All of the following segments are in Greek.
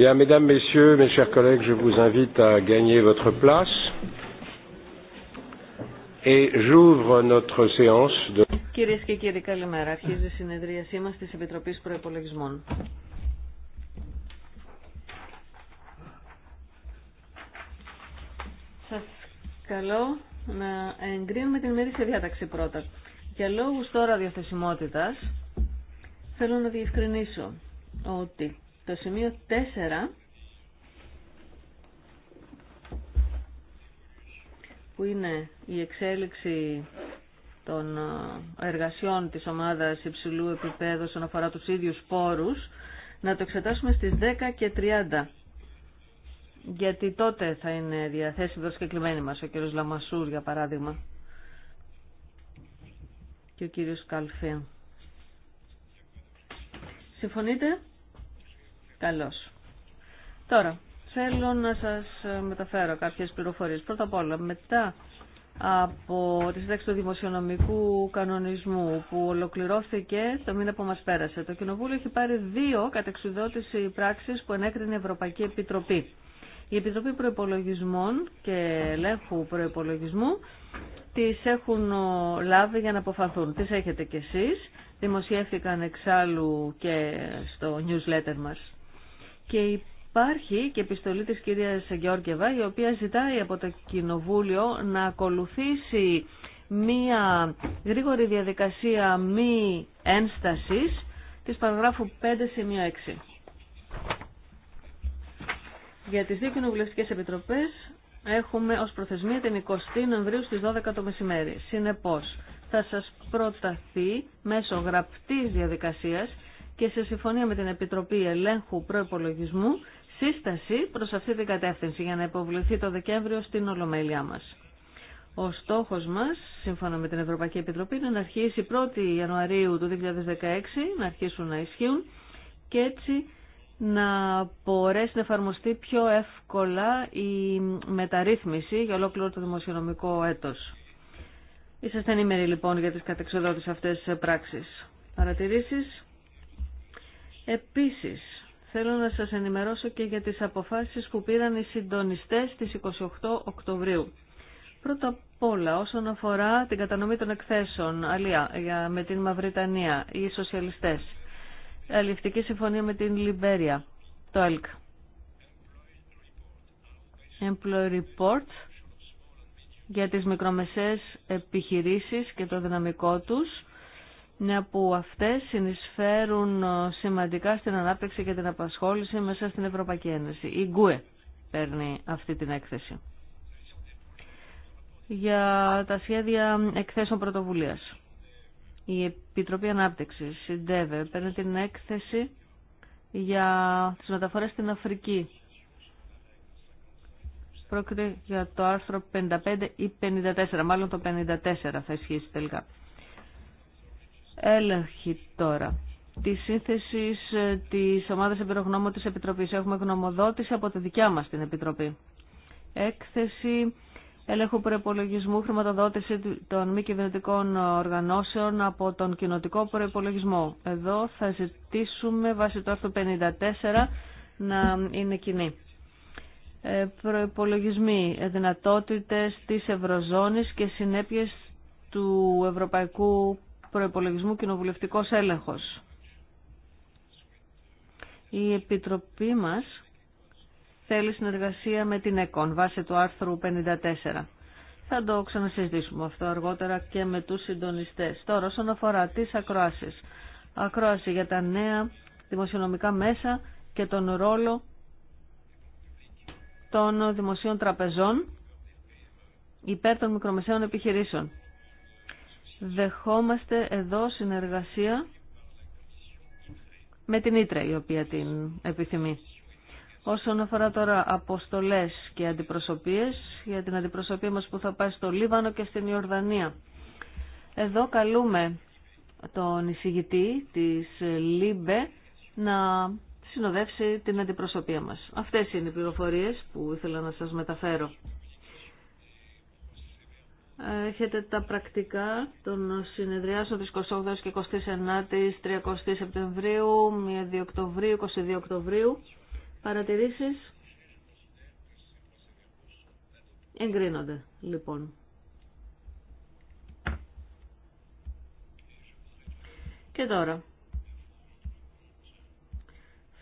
Bien, mesdames, messieurs, mes chers collègues, je vous invite Κυρίες και κύριοι, καλημέρα. Αρχίζει η συνεδρίασή μας της Επιτροπής προεπολογισμών. Σας καλώ να εγκρίνουμε την ημερήσια διάταξη πρώτα. Για λόγους τώρα διαθεσιμότητας, θέλω να διευκρινίσω ότι στο σημείο 4 που είναι η εξέλιξη των ε, εργασιών της ομάδας υψηλού επίπεδου όσον αφορά τους ίδιους πόρους, να το εξετάσουμε στις 10 και 30. Γιατί τότε θα είναι διαθέσιμος και κλειμένοι μας ο κ. Λαμασούρ, για παράδειγμα, και ο κύριος Καλφέ. Συμφωνείτε? Καλώς. Τώρα, θέλω να σας ε, μεταφέρω κάποιες πληροφορίες. Πρώτα απ' όλα, μετά από τη σύνταξη του δημοσιονομικού κανονισμού που ολοκληρώθηκε το μήνα που μας πέρασε. Το Κοινοβούλιο έχει πάρει δύο κατεξουδότηση πράξεις που ενέκρινε η Ευρωπαϊκή Επιτροπή. Η Επιτροπή Προϋπολογισμών και Ελέγχου Προϋπολογισμού τις έχουν ε, λάβει για να αποφανθούν. Τις έχετε κι εσείς. δημοσιεύθηκαν εξάλλου και στο newsletter μας. Και υπάρχει και επιστολή της κυρίας Γεώργεβα η οποία ζητάει από το Κοινοβούλιο να ακολουθήσει μία γρήγορη διαδικασία μη ένστασης της παραγράφου 5 σημείο 6. Για τις δύο κοινοβουλευτικές επιτροπές έχουμε ως προθεσμία την 20 η Νοεμβρίου στις 12 το μεσημέρι. Συνεπώς, θα σας προταθεί μέσω γραπτής διαδικασίας και σε συμφωνία με την Επιτροπή Ελέγχου Προπολογισμού σύσταση προ αυτή την κατεύθυνση για να υποβληθεί το Δεκέμβριο στην Ολομέλειά μα. Ο στόχο μα, σύμφωνα με την Ευρωπαϊκή Επιτροπή, είναι να αρχίσει 1η Ιανουαρίου του 2016, να αρχίσουν να ισχύουν και έτσι να μπορέσει να εφαρμοστεί πιο εύκολα η μεταρρύθμιση για ολόκληρο το δημοσιονομικό έτος. Είσαστε ενήμεροι λοιπόν για τις κατεξοδότες αυτές πράξεις. Παρατηρήσεις. Επίσης, θέλω να σας ενημερώσω και για τις αποφάσεις που πήραν οι συντονιστές στις 28 Οκτωβρίου. Πρώτα απ' όλα, όσον αφορά την κατανομή των εκθέσεων, αλία, για, με την Μαυριτανία, οι σοσιαλιστές, αληφτική συμφωνία με την Λιμπέρια, το ΕΛΚ. Employee Report για τις μικρομεσαίες επιχειρήσεις και το δυναμικό τους μια που αυτές συνεισφέρουν ε, σημαντικά στην ανάπτυξη και την απασχόληση μέσα στην Ευρωπαϊκή Ένωση. Η Γκουε παίρνει αυτή την έκθεση για τα σχέδια εκθέσεων πρωτοβουλίας. Η Επιτροπή Ανάπτυξης, η ΝΤΕΒΕ, παίρνει την έκθεση για τις μεταφορές στην Αφρική. Πρόκειται για το άρθρο 55 ή 54, μάλλον το 54 θα ισχύσει τελικά. Έλεγχη τώρα τη σύνθεση ε, τη ομάδα εμπειρογνώμων τη Επιτροπή. Έχουμε γνωμοδότηση από τη δικιά μα την Επιτροπή. Έκθεση έλεγχου προπολογισμού χρηματοδότηση των μη κυβερνητικών οργανώσεων από τον κοινοτικό προπολογισμό. Εδώ θα ζητήσουμε βάσει του άρθρου 54 να είναι κοινή. Ε, προπολογισμοί, δυνατότητε τη Ευρωζώνης και συνέπειε του Ευρωπαϊκού Προϋπολογισμού Κοινοβουλευτικός Έλεγχος. Η Επιτροπή μας θέλει συνεργασία με την ΕΚΟΝ βάσει του άρθρου 54. Θα το ξανασυζητήσουμε αυτό αργότερα και με τους συντονιστές. Τώρα, όσον αφορά τις ακροάσεις. Ακρόαση για τα νέα δημοσιονομικά μέσα και τον ρόλο των δημοσίων τραπεζών υπέρ των μικρομεσαίων επιχειρήσεων δεχόμαστε εδώ συνεργασία με την Ήτρα η οποία την επιθυμεί. Όσον αφορά τώρα αποστολές και αντιπροσωπείες, για την αντιπροσωπεία μας που θα πάει στο Λίβανο και στην Ιορδανία. Εδώ καλούμε τον εισηγητή της ΛΥΜΠΕ να συνοδεύσει την αντιπροσωπεία μας. Αυτές είναι οι πληροφορίες που ήθελα να σας μεταφέρω. Έχετε τα πρακτικά των συνεδριάσεων της 28 και 29 30 Σεπτεμβρίου, 1 Οκτωβρίου, 22 Οκτωβρίου. Παρατηρήσεις εγκρίνονται λοιπόν. Και τώρα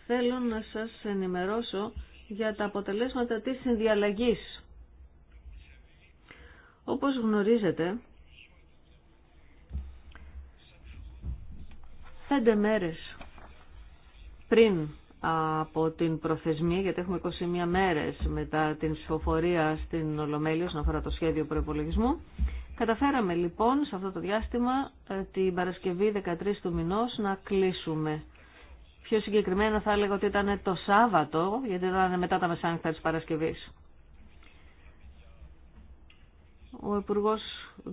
θέλω να σας ενημερώσω για τα αποτελέσματα της συνδιαλλαγής όπως γνωρίζετε, πέντε μέρες πριν από την προθεσμία, γιατί έχουμε 21 μέρες μετά την ψηφοφορία στην Ολομέλεια όσον αφορά το σχέδιο προπολογισμού. Καταφέραμε λοιπόν σε αυτό το διάστημα ε, την Παρασκευή 13 του μηνός να κλείσουμε. Πιο συγκεκριμένα θα έλεγα ότι ήταν το Σάββατο, γιατί ήταν μετά τα μεσάνυχτα της Παρασκευής. Ο Υπουργό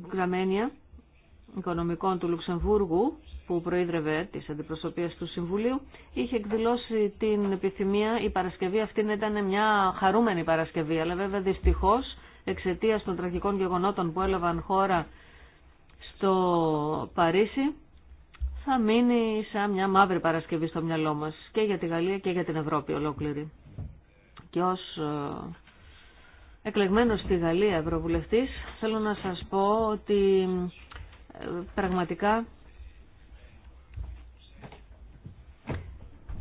Γκραμένια Οικονομικών του Λουξεμβούργου, που προείδρευε τη αντιπροσωπείες του Συμβουλίου, είχε εκδηλώσει την επιθυμία η Παρασκευή αυτή να ήταν μια χαρούμενη Παρασκευή, αλλά βέβαια δυστυχώ εξαιτία των τραγικών γεγονότων που έλαβαν χώρα στο Παρίσι, θα μείνει σαν μια μαύρη Παρασκευή στο μυαλό μας και για τη Γαλλία και για την Ευρώπη ολόκληρη. Και ως ε, εκλεγμένος στη Γαλλία Ευρωβουλευτής, θέλω να σας πω ότι ε, πραγματικά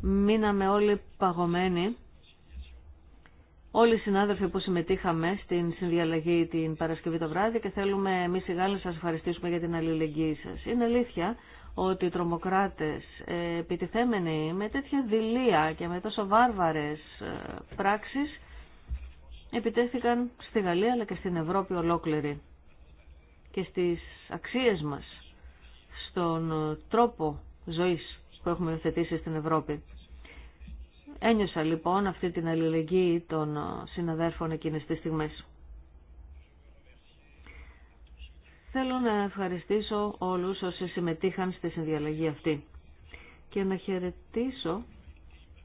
μείναμε όλοι παγωμένοι. Όλοι οι συνάδελφοι που συμμετείχαμε στην συνδιαλλαγή την Παρασκευή το βράδυ και θέλουμε εμεί οι Γάλλοι να σα ευχαριστήσουμε για την αλληλεγγύη σα. Είναι αλήθεια ότι οι τρομοκράτε ε, επιτιθέμενοι με τέτοια δειλία και με τόσο βάρβαρε πράξει επιτέθηκαν στη Γαλλία αλλά και στην Ευρώπη ολόκληρη και στις αξίες μας, στον τρόπο ζωής που έχουμε υιοθετήσει στην Ευρώπη. Ένιωσα λοιπόν αυτή την αλληλεγγύη των συναδέρφων εκείνες τις στιγμές. Θέλω να ευχαριστήσω όλους όσοι συμμετείχαν στη συνδιαλλαγή αυτή και να χαιρετήσω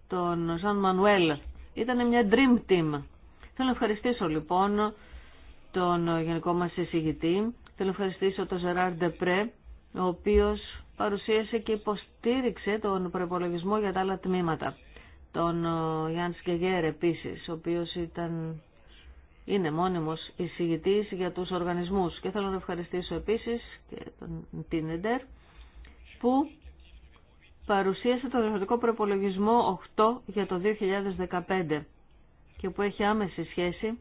τον Ζαν Μανουέλ. Ήταν μια dream team Θέλω να ευχαριστήσω λοιπόν τον γενικό μας εισηγητή. Θέλω να ευχαριστήσω τον Ζεράρ Ντεπρέ, ο οποίος παρουσίασε και υποστήριξε τον προπολογισμό για τα άλλα τμήματα. Τον ε, Γιάννη Σκεγέρ επίσης, ο οποίος ήταν... Είναι μόνιμος εισηγητής για τους οργανισμούς και θέλω να ευχαριστήσω επίσης και τον Τίνεντερ που παρουσίασε τον διαφορετικό προπολογισμό 8 για το 2015 και που έχει άμεση σχέση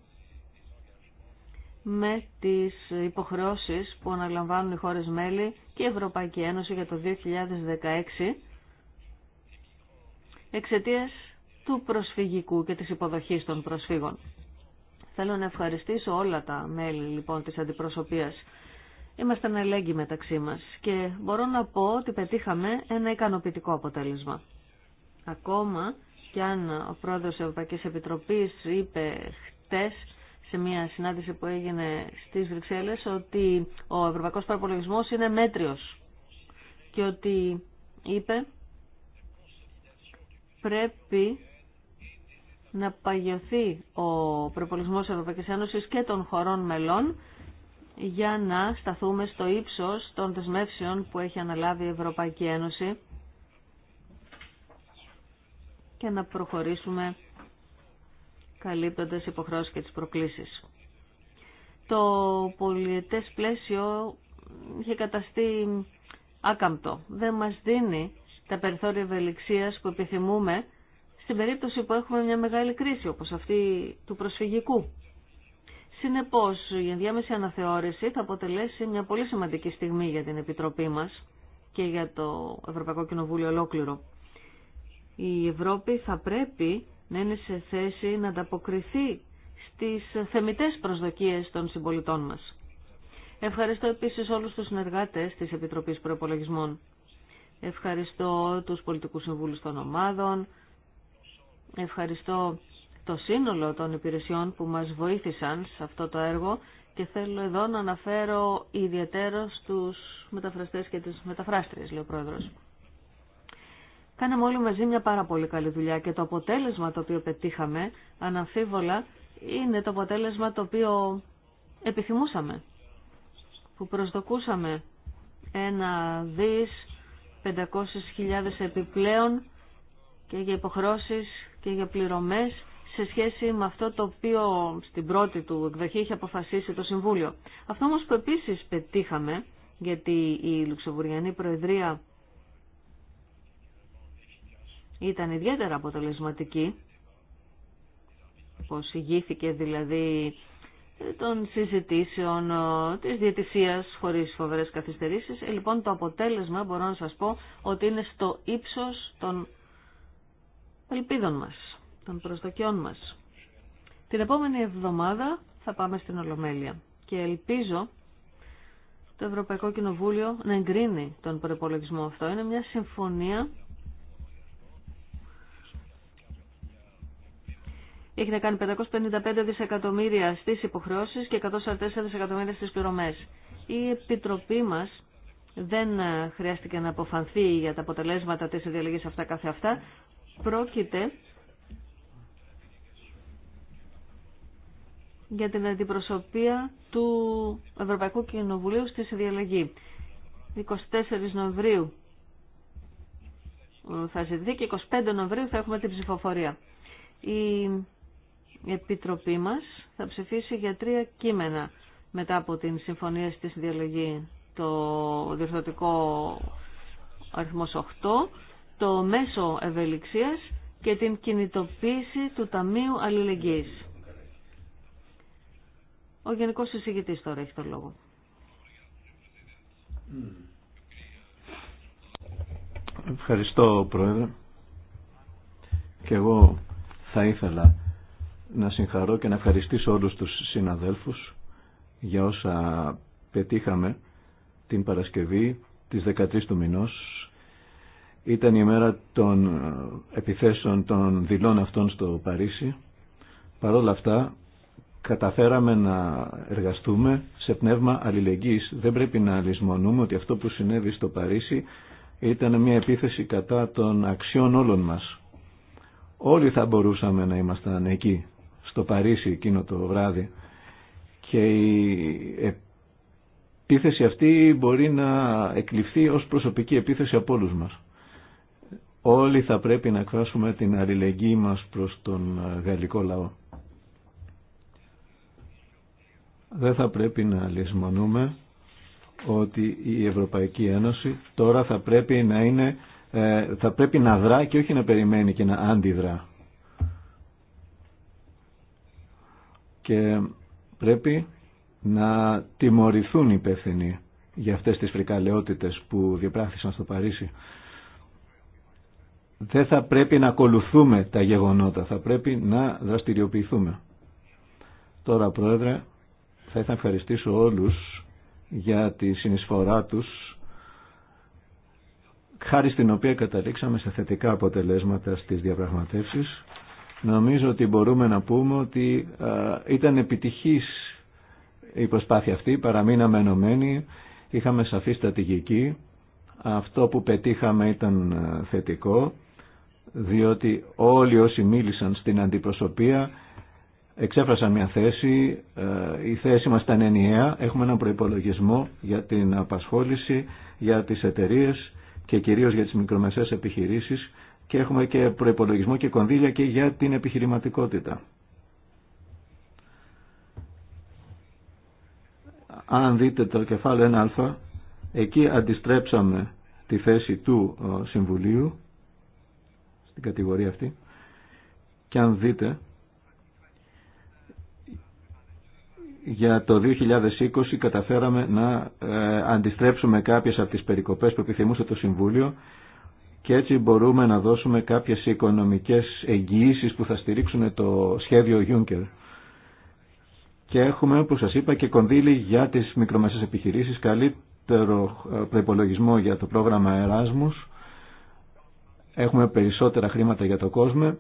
με τις υποχρεώσεις που αναλαμβάνουν οι χώρες μέλη και η Ευρωπαϊκή Ένωση για το 2016 εξαιτίας του προσφυγικού και της υποδοχής των προσφύγων. Θέλω να ευχαριστήσω όλα τα μέλη λοιπόν της αντιπροσωπείας. Είμαστε ανελέγγυοι μεταξύ μας και μπορώ να πω ότι πετύχαμε ένα ικανοποιητικό αποτέλεσμα. Ακόμα και αν ο πρόεδρος της Ευρωπαϊκής Επιτροπής είπε χτες σε μια συνάντηση που έγινε στις Βρυξέλλες ότι ο ευρωπαϊκός παραπολογισμός είναι μέτριος και ότι είπε πρέπει να παγιωθεί ο προπολογισμός της Ευρωπαϊκής Ένωσης και των χωρών μελών για να σταθούμε στο ύψος των δεσμεύσεων που έχει αναλάβει η Ευρωπαϊκή Ένωση και να προχωρήσουμε καλύπτοντας υποχρεώσεις και τις προκλήσεις. Το πολιετές πλαίσιο είχε καταστεί άκαμπτο. Δεν μας δίνει τα περιθώρια ευελιξίας που επιθυμούμε στην περίπτωση που έχουμε μια μεγάλη κρίση όπως αυτή του προσφυγικού. Συνεπώς, η ενδιάμεση αναθεώρηση θα αποτελέσει μια πολύ σημαντική στιγμή για την Επιτροπή μας και για το Ευρωπαϊκό Κοινοβούλιο ολόκληρο η Ευρώπη θα πρέπει να είναι σε θέση να ανταποκριθεί στις θεμητές προσδοκίες των συμπολιτών μας. Ευχαριστώ επίσης όλους τους συνεργάτες της Επιτροπής Προπολογισμών. Ευχαριστώ τους πολιτικούς συμβούλους των ομάδων. Ευχαριστώ το σύνολο των υπηρεσιών που μας βοήθησαν σε αυτό το έργο και θέλω εδώ να αναφέρω ιδιαίτερα στους μεταφραστές και τις μεταφράστριες, λέει ο Πρόεδρος. Κάναμε όλοι μαζί μια πάρα πολύ καλή δουλειά και το αποτέλεσμα το οποίο πετύχαμε, αναμφίβολα, είναι το αποτέλεσμα το οποίο επιθυμούσαμε, που προσδοκούσαμε ένα δις 500.000 επιπλέον και για υποχρώσεις και για πληρωμές σε σχέση με αυτό το οποίο στην πρώτη του εκδοχή είχε αποφασίσει το Συμβούλιο. Αυτό όμως που επίσης πετύχαμε, γιατί η Λουξεμβουριανή Προεδρία ήταν ιδιαίτερα αποτελεσματική, πως ηγήθηκε δηλαδή των συζητήσεων ε, της διατησίας χωρίς φοβερές καθυστερήσεις. Ε, λοιπόν, το αποτέλεσμα μπορώ να σας πω ότι είναι στο ύψος των ελπίδων μας, των προσδοκιών μας. Την επόμενη εβδομάδα θα πάμε στην Ολομέλεια και ελπίζω το Ευρωπαϊκό Κοινοβούλιο να εγκρίνει τον προπολογισμό αυτό. Είναι μια συμφωνία Έχει να κάνει 555 δισεκατομμύρια στις υποχρεώσει και 144 δισεκατομμύρια στις πληρωμέ. Η Επιτροπή μας δεν ε, χρειάστηκε να αποφανθεί για τα αποτελέσματα της διαλογής αυτά καθε αυτά. Πρόκειται για την αντιπροσωπεία του Ευρωπαϊκού Κοινοβουλίου στη συνδιαλλαγή. 24 Νοεμβρίου θα ζητηθεί και 25 Νοεμβρίου θα έχουμε την ψηφοφορία. Η η Επιτροπή μας θα ψηφίσει για τρία κείμενα μετά από την συμφωνία στη συνδιαλογή. Το διορθωτικό αριθμός 8, το μέσο ευελιξίας και την κινητοποίηση του Ταμείου Αλληλεγγύης. Ο Γενικός Συζητητής τώρα έχει το λόγο. Ευχαριστώ Πρόεδρε. Και εγώ θα ήθελα να συγχαρώ και να ευχαριστήσω όλους τους συναδέλφους για όσα πετύχαμε την Παρασκευή της 13 του μηνός. Ήταν η μέρα των ε, επιθέσεων των δηλών αυτών στο Παρίσι. Παρ' όλα αυτά καταφέραμε να εργαστούμε σε πνεύμα αλληλεγγύης. Δεν πρέπει να λησμονούμε ότι αυτό που συνέβη στο Παρίσι ήταν μια επίθεση κατά των αξιών όλων μας. Όλοι θα μπορούσαμε να ήμασταν εκεί στο Παρίσι εκείνο το βράδυ. Και η επίθεση αυτή μπορεί να εκλειφθεί ως προσωπική επίθεση από όλους μας. Όλοι θα πρέπει να εκφράσουμε την αλληλεγγύη μας προς τον γαλλικό λαό. Δεν θα πρέπει να λησμονούμε ότι η Ευρωπαϊκή Ένωση τώρα θα πρέπει να είναι ε, θα πρέπει να δρά και όχι να περιμένει και να αντιδρά. και πρέπει να τιμωρηθούν οι υπεύθυνοι για αυτές τις φρικαλαιότητες που διεπράχθησαν στο Παρίσι. Δεν θα πρέπει να ακολουθούμε τα γεγονότα, θα πρέπει να δραστηριοποιηθούμε. Τώρα, Πρόεδρε, θα ήθελα να ευχαριστήσω όλους για τη συνεισφορά τους, χάρη στην οποία καταλήξαμε σε θετικά αποτελέσματα στις διαπραγματεύσεις. Νομίζω ότι μπορούμε να πούμε ότι ήταν επιτυχής η προσπάθεια αυτή, παραμείναμε ενωμένοι, είχαμε σαφή στρατηγική. Αυτό που πετύχαμε ήταν θετικό, διότι όλοι όσοι μίλησαν στην αντιπροσωπεία εξέφρασαν μια θέση, η θέση μας ήταν ενιαία, έχουμε έναν προϋπολογισμό για την απασχόληση, για τις εταιρείες και κυρίως για τις μικρομεσαίες επιχειρήσεις και έχουμε και προπολογισμό και κονδύλια και για την επιχειρηματικότητα. Αν δείτε το κεφάλαιο 1α, εκεί αντιστρέψαμε τη θέση του Συμβουλίου στην κατηγορία αυτή και αν δείτε για το 2020 καταφέραμε να ε, αντιστρέψουμε κάποιες από τις περικοπές που επιθυμούσε το Συμβούλιο και έτσι μπορούμε να δώσουμε κάποιες οικονομικές εγγυήσεις που θα στηρίξουν το σχέδιο Juncker. Και έχουμε, όπως σας είπα, και κονδύλι για τις μικρομεσαίες επιχειρήσεις, καλύτερο ε, προπολογισμό για το πρόγραμμα Εράσμους, έχουμε περισσότερα χρήματα για το κόσμο,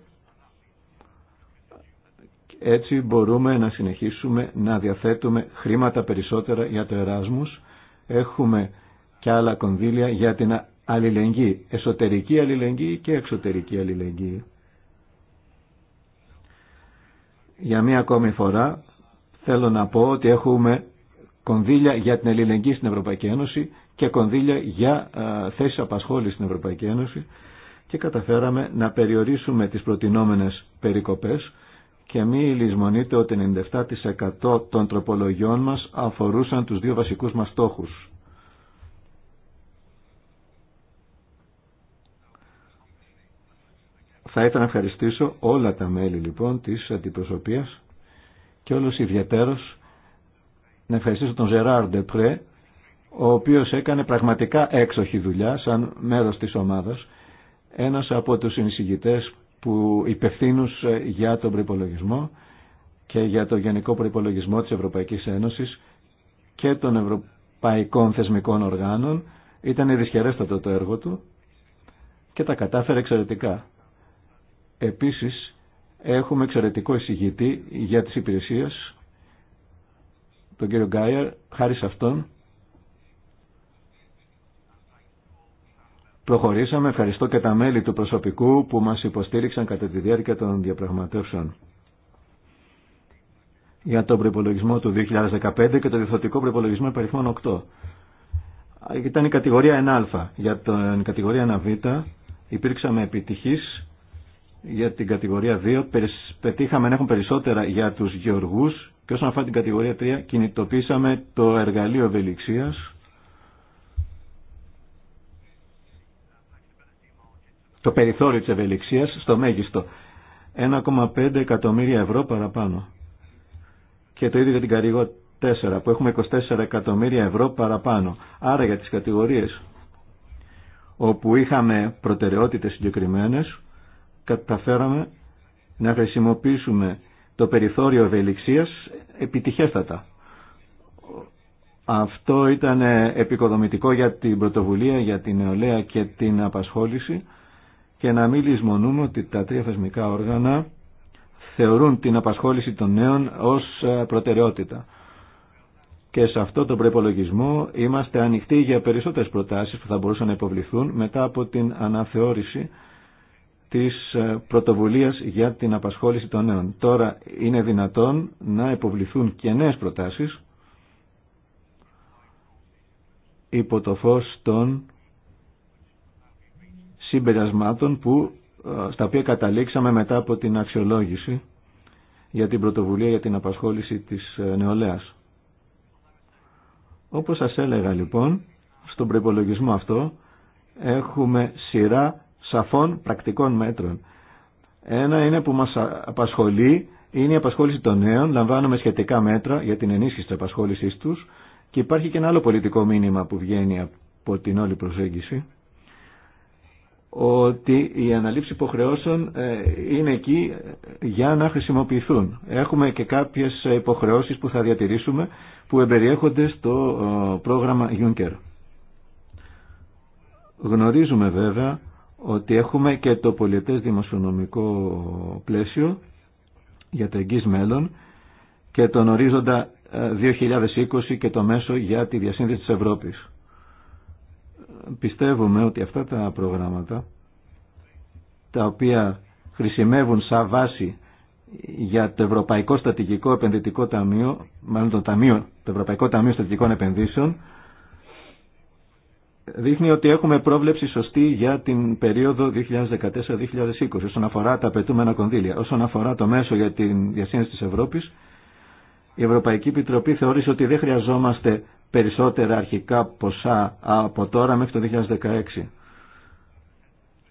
έτσι μπορούμε να συνεχίσουμε να διαθέτουμε χρήματα περισσότερα για το Εράσμους, έχουμε και άλλα κονδύλια για την αλληλεγγύη, εσωτερική αλληλεγγύη και εξωτερική αλληλεγγύη. Για μία ακόμη φορά θέλω να πω ότι έχουμε κονδύλια για την αλληλεγγύη στην Ευρωπαϊκή Ένωση και κονδύλια για θέσεις απασχόλησης στην Ευρωπαϊκή Ένωση και καταφέραμε να περιορίσουμε τις προτινόμενες περικοπές και μη λησμονείτε ότι 97% των τροπολογιών μας αφορούσαν τους δύο βασικούς μας στόχους Θα ήθελα να ευχαριστήσω όλα τα μέλη λοιπόν της αντιπροσωπείας και όλους ιδιαίτερος να ευχαριστήσω τον Ζεράρ Ντεπρέ ο οποίος έκανε πραγματικά έξοχη δουλειά σαν μέρος της ομάδας ένας από τους συνεισηγητές που υπευθύνους ε, για τον προπολογισμό και για το γενικό προπολογισμό της Ευρωπαϊκής Ένωσης και των ευρωπαϊκών θεσμικών οργάνων ήταν δυσχερέστατο το έργο του και τα κατάφερε εξαιρετικά. Επίσης, έχουμε εξαιρετικό εισηγητή για τις υπηρεσίες, τον κύριο Γκάιερ, χάρη σε αυτόν. Προχωρήσαμε, ευχαριστώ και τα μέλη του προσωπικού που μας υποστήριξαν κατά τη διάρκεια των διαπραγματεύσεων για τον προπολογισμό του 2015 και το διευθυντικό προπολογισμό υπαριθμών 8. Ήταν η κατηγορία 1α. Για την κατηγορία 1β υπήρξαμε επιτυχής για την κατηγορία 2 πετύχαμε να έχουν περισσότερα για τους γεωργούς και όσον αφορά την κατηγορία 3 κινητοποίησαμε το εργαλείο ευελιξίας το περιθώριο της ευελιξίας στο μέγιστο 1,5 εκατομμύρια ευρώ παραπάνω και το ίδιο για την κατηγορία 4 που έχουμε 24 εκατομμύρια ευρώ παραπάνω άρα για τις κατηγορίες όπου είχαμε προτεραιότητες συγκεκριμένες καταφέραμε να χρησιμοποιήσουμε το περιθώριο ευελιξίας επιτυχέστατα. Αυτό ήταν επικοδομητικό για την πρωτοβουλία, για την νεολαία και την απασχόληση και να μην λησμονούμε ότι τα τρία θεσμικά όργανα θεωρούν την απασχόληση των νέων ως ε, προτεραιότητα. Και σε αυτό τον προπολογισμό είμαστε ανοιχτοί για περισσότερες προτάσεις που θα μπορούσαν να υποβληθούν μετά από την αναθεώρηση της ε, πρωτοβουλίας για την απασχόληση των νέων. Τώρα είναι δυνατόν να υποβληθούν και νέες προτάσεις υπό το φως των συμπερασμάτων που, ε, στα οποία καταλήξαμε μετά από την αξιολόγηση για την πρωτοβουλία για την απασχόληση της ε, νεολαίας. Όπως σας έλεγα λοιπόν, στον προπολογισμό αυτό έχουμε σειρά σαφών πρακτικών μέτρων. Ένα είναι που μας απασχολεί, είναι η απασχόληση των νέων, λαμβάνουμε σχετικά μέτρα για την ενίσχυση της απασχόλησής τους και υπάρχει και ένα άλλο πολιτικό μήνυμα που βγαίνει από την όλη προσέγγιση ότι η αναλήψη υποχρεώσεων ε, είναι εκεί για να χρησιμοποιηθούν. Έχουμε και κάποιες υποχρεώσεις που θα διατηρήσουμε που εμπεριέχονται στο ε, πρόγραμμα Juncker. Γνωρίζουμε βέβαια ότι έχουμε και το πολιετές δημοσιονομικό πλαίσιο για το εγγύς μέλλον και τον ορίζοντα 2020 ε, και το μέσο για τη διασύνδεση της Ευρώπης. Πιστεύουμε ότι αυτά τα προγράμματα τα οποία χρησιμεύουν σαν βάση για το Ευρωπαϊκό Στατικικό Επενδυτικό Ταμείο, μάλλον το, ταμείο, το Ευρωπαϊκό Ταμείο Στατικών Επενδύσεων, δείχνει ότι έχουμε πρόβλεψη σωστή για την περίοδο 2014-2020 όσον αφορά τα απαιτούμενα κονδύλια. Όσον αφορά το μέσο για τη διασύνδεση της Ευρώπης, η Ευρωπαϊκή Επιτροπή θεώρησε ότι δεν χρειαζόμαστε περισσότερα αρχικά ποσά από τώρα μέχρι το 2016.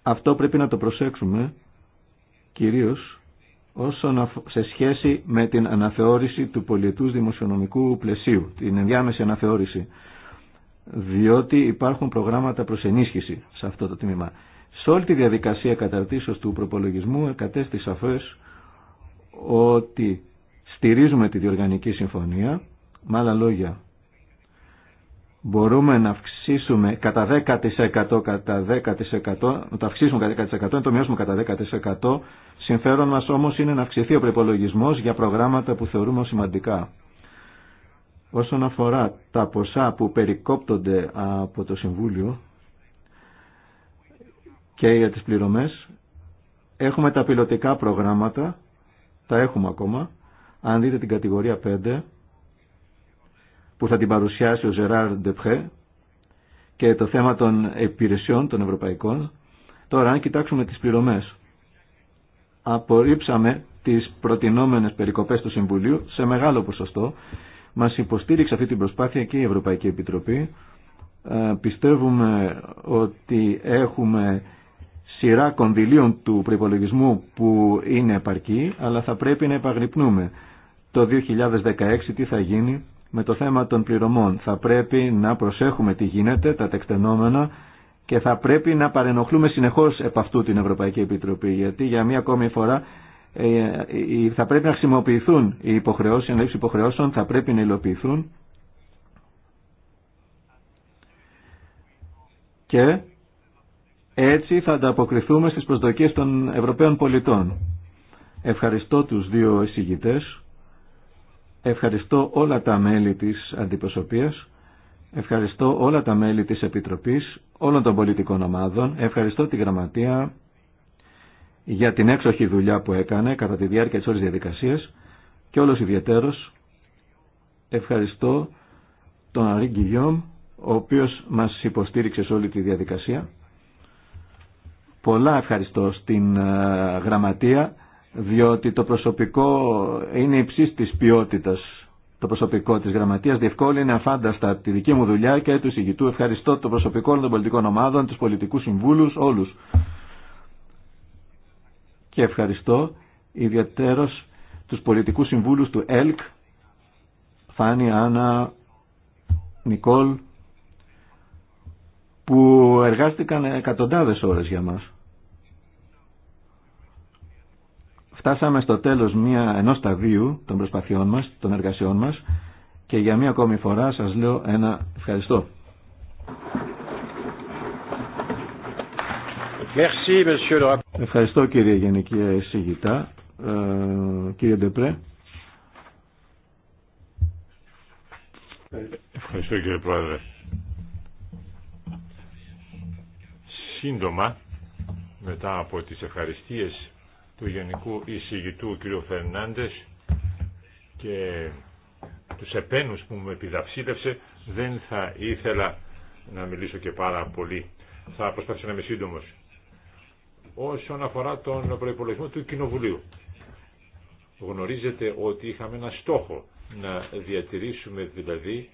Αυτό πρέπει να το προσέξουμε κυρίως όσον σε σχέση με την αναθεώρηση του πολιτούς δημοσιονομικού πλαισίου, την ενδιάμεση αναθεώρηση διότι υπάρχουν προγράμματα προς ενίσχυση σε αυτό το τμήμα. Σε όλη τη διαδικασία καταρτήσεως του προπολογισμού κατέστη σαφές ότι στηρίζουμε τη διοργανική συμφωνία, με άλλα λόγια μπορούμε να αυξήσουμε κατά 10% κατά 10% να το αυξήσουμε κατά 10% να το μειώσουμε κατά 10% συμφέρον μας όμως είναι να αυξηθεί ο προπολογισμό για προγράμματα που θεωρούμε σημαντικά. Όσον αφορά τα ποσά που περικόπτονται από το Συμβούλιο και για τις πληρωμές, έχουμε τα πιλωτικά προγράμματα, τα έχουμε ακόμα. Αν δείτε την κατηγορία 5, που θα την παρουσιάσει ο Ζεράρ Ντεπχέ, και το θέμα των υπηρεσιών των ευρωπαϊκών. Τώρα, αν κοιτάξουμε τις πληρωμές, απορρίψαμε τις προτινόμενες περικοπές του Συμβουλίου σε μεγάλο ποσοστό μας υποστήριξε αυτή την προσπάθεια και η Ευρωπαϊκή Επιτροπή. Ε, πιστεύουμε ότι έχουμε σειρά κονδυλίων του προπολογισμού που είναι επαρκή, αλλά θα πρέπει να επαγρυπνούμε. Το 2016 τι θα γίνει με το θέμα των πληρωμών. Θα πρέπει να προσέχουμε τι γίνεται, τα τεκτενόμενα και θα πρέπει να παρενοχλούμε συνεχώς επ' αυτού την Ευρωπαϊκή Επιτροπή, γιατί για μία ακόμη φορά ε, ε, ε, θα πρέπει να χρησιμοποιηθούν οι υποχρεώσεις, οι υποχρεώσεων θα πρέπει να υλοποιηθούν και έτσι θα ανταποκριθούμε στις προσδοκίες των Ευρωπαίων πολιτών. Ευχαριστώ τους δύο εισηγητές, ευχαριστώ όλα τα μέλη της αντιπροσωπείας, ευχαριστώ όλα τα μέλη της Επιτροπής, όλων των πολιτικών ομάδων, ευχαριστώ τη Γραμματεία, για την έξοχη δουλειά που έκανε κατά τη διάρκεια της όλης διαδικασίας και όλος ιδιαίτερος ευχαριστώ τον Αρή Γκυγιόμ ο οποίος μας υποστήριξε σε όλη τη διαδικασία. Πολλά ευχαριστώ στην ε, γραμματεία διότι το προσωπικό είναι υψής της ποιότητας το προσωπικό της γραμματείας διευκόλυνε αφάνταστα τη δική μου δουλειά και του συγητού. Ευχαριστώ το προσωπικό των πολιτικών ομάδων, τους πολιτικούς συμβούλους, όλους και ευχαριστώ ιδιαίτερος τους πολιτικούς συμβούλους του ΕΛΚ, Φάνη, Άννα, Νικόλ, που εργάστηκαν εκατοντάδες ώρες για μας. Φτάσαμε στο τέλος μια, ενός σταδίου των προσπαθειών μας, των εργασιών μας και για μια ακόμη φορά σας λέω ένα ευχαριστώ. Merci, monsieur le Ευχαριστώ κύριε Γενική Εισηγητά. Ε, κύριε Ντεπρέ. Ευχαριστώ κύριε Πρόεδρε. Σύντομα, μετά από τις ευχαριστίες του Γενικού Εισηγητού κύριο Φερνάντες και τους επένους που με επιδαψίδευσε, δεν θα ήθελα να μιλήσω και πάρα πολύ. Θα προσπαθήσω να είμαι σύντομος όσον αφορά τον προϋπολογισμό του Κοινοβουλίου. Γνωρίζετε ότι είχαμε ένα στόχο να διατηρήσουμε δηλαδή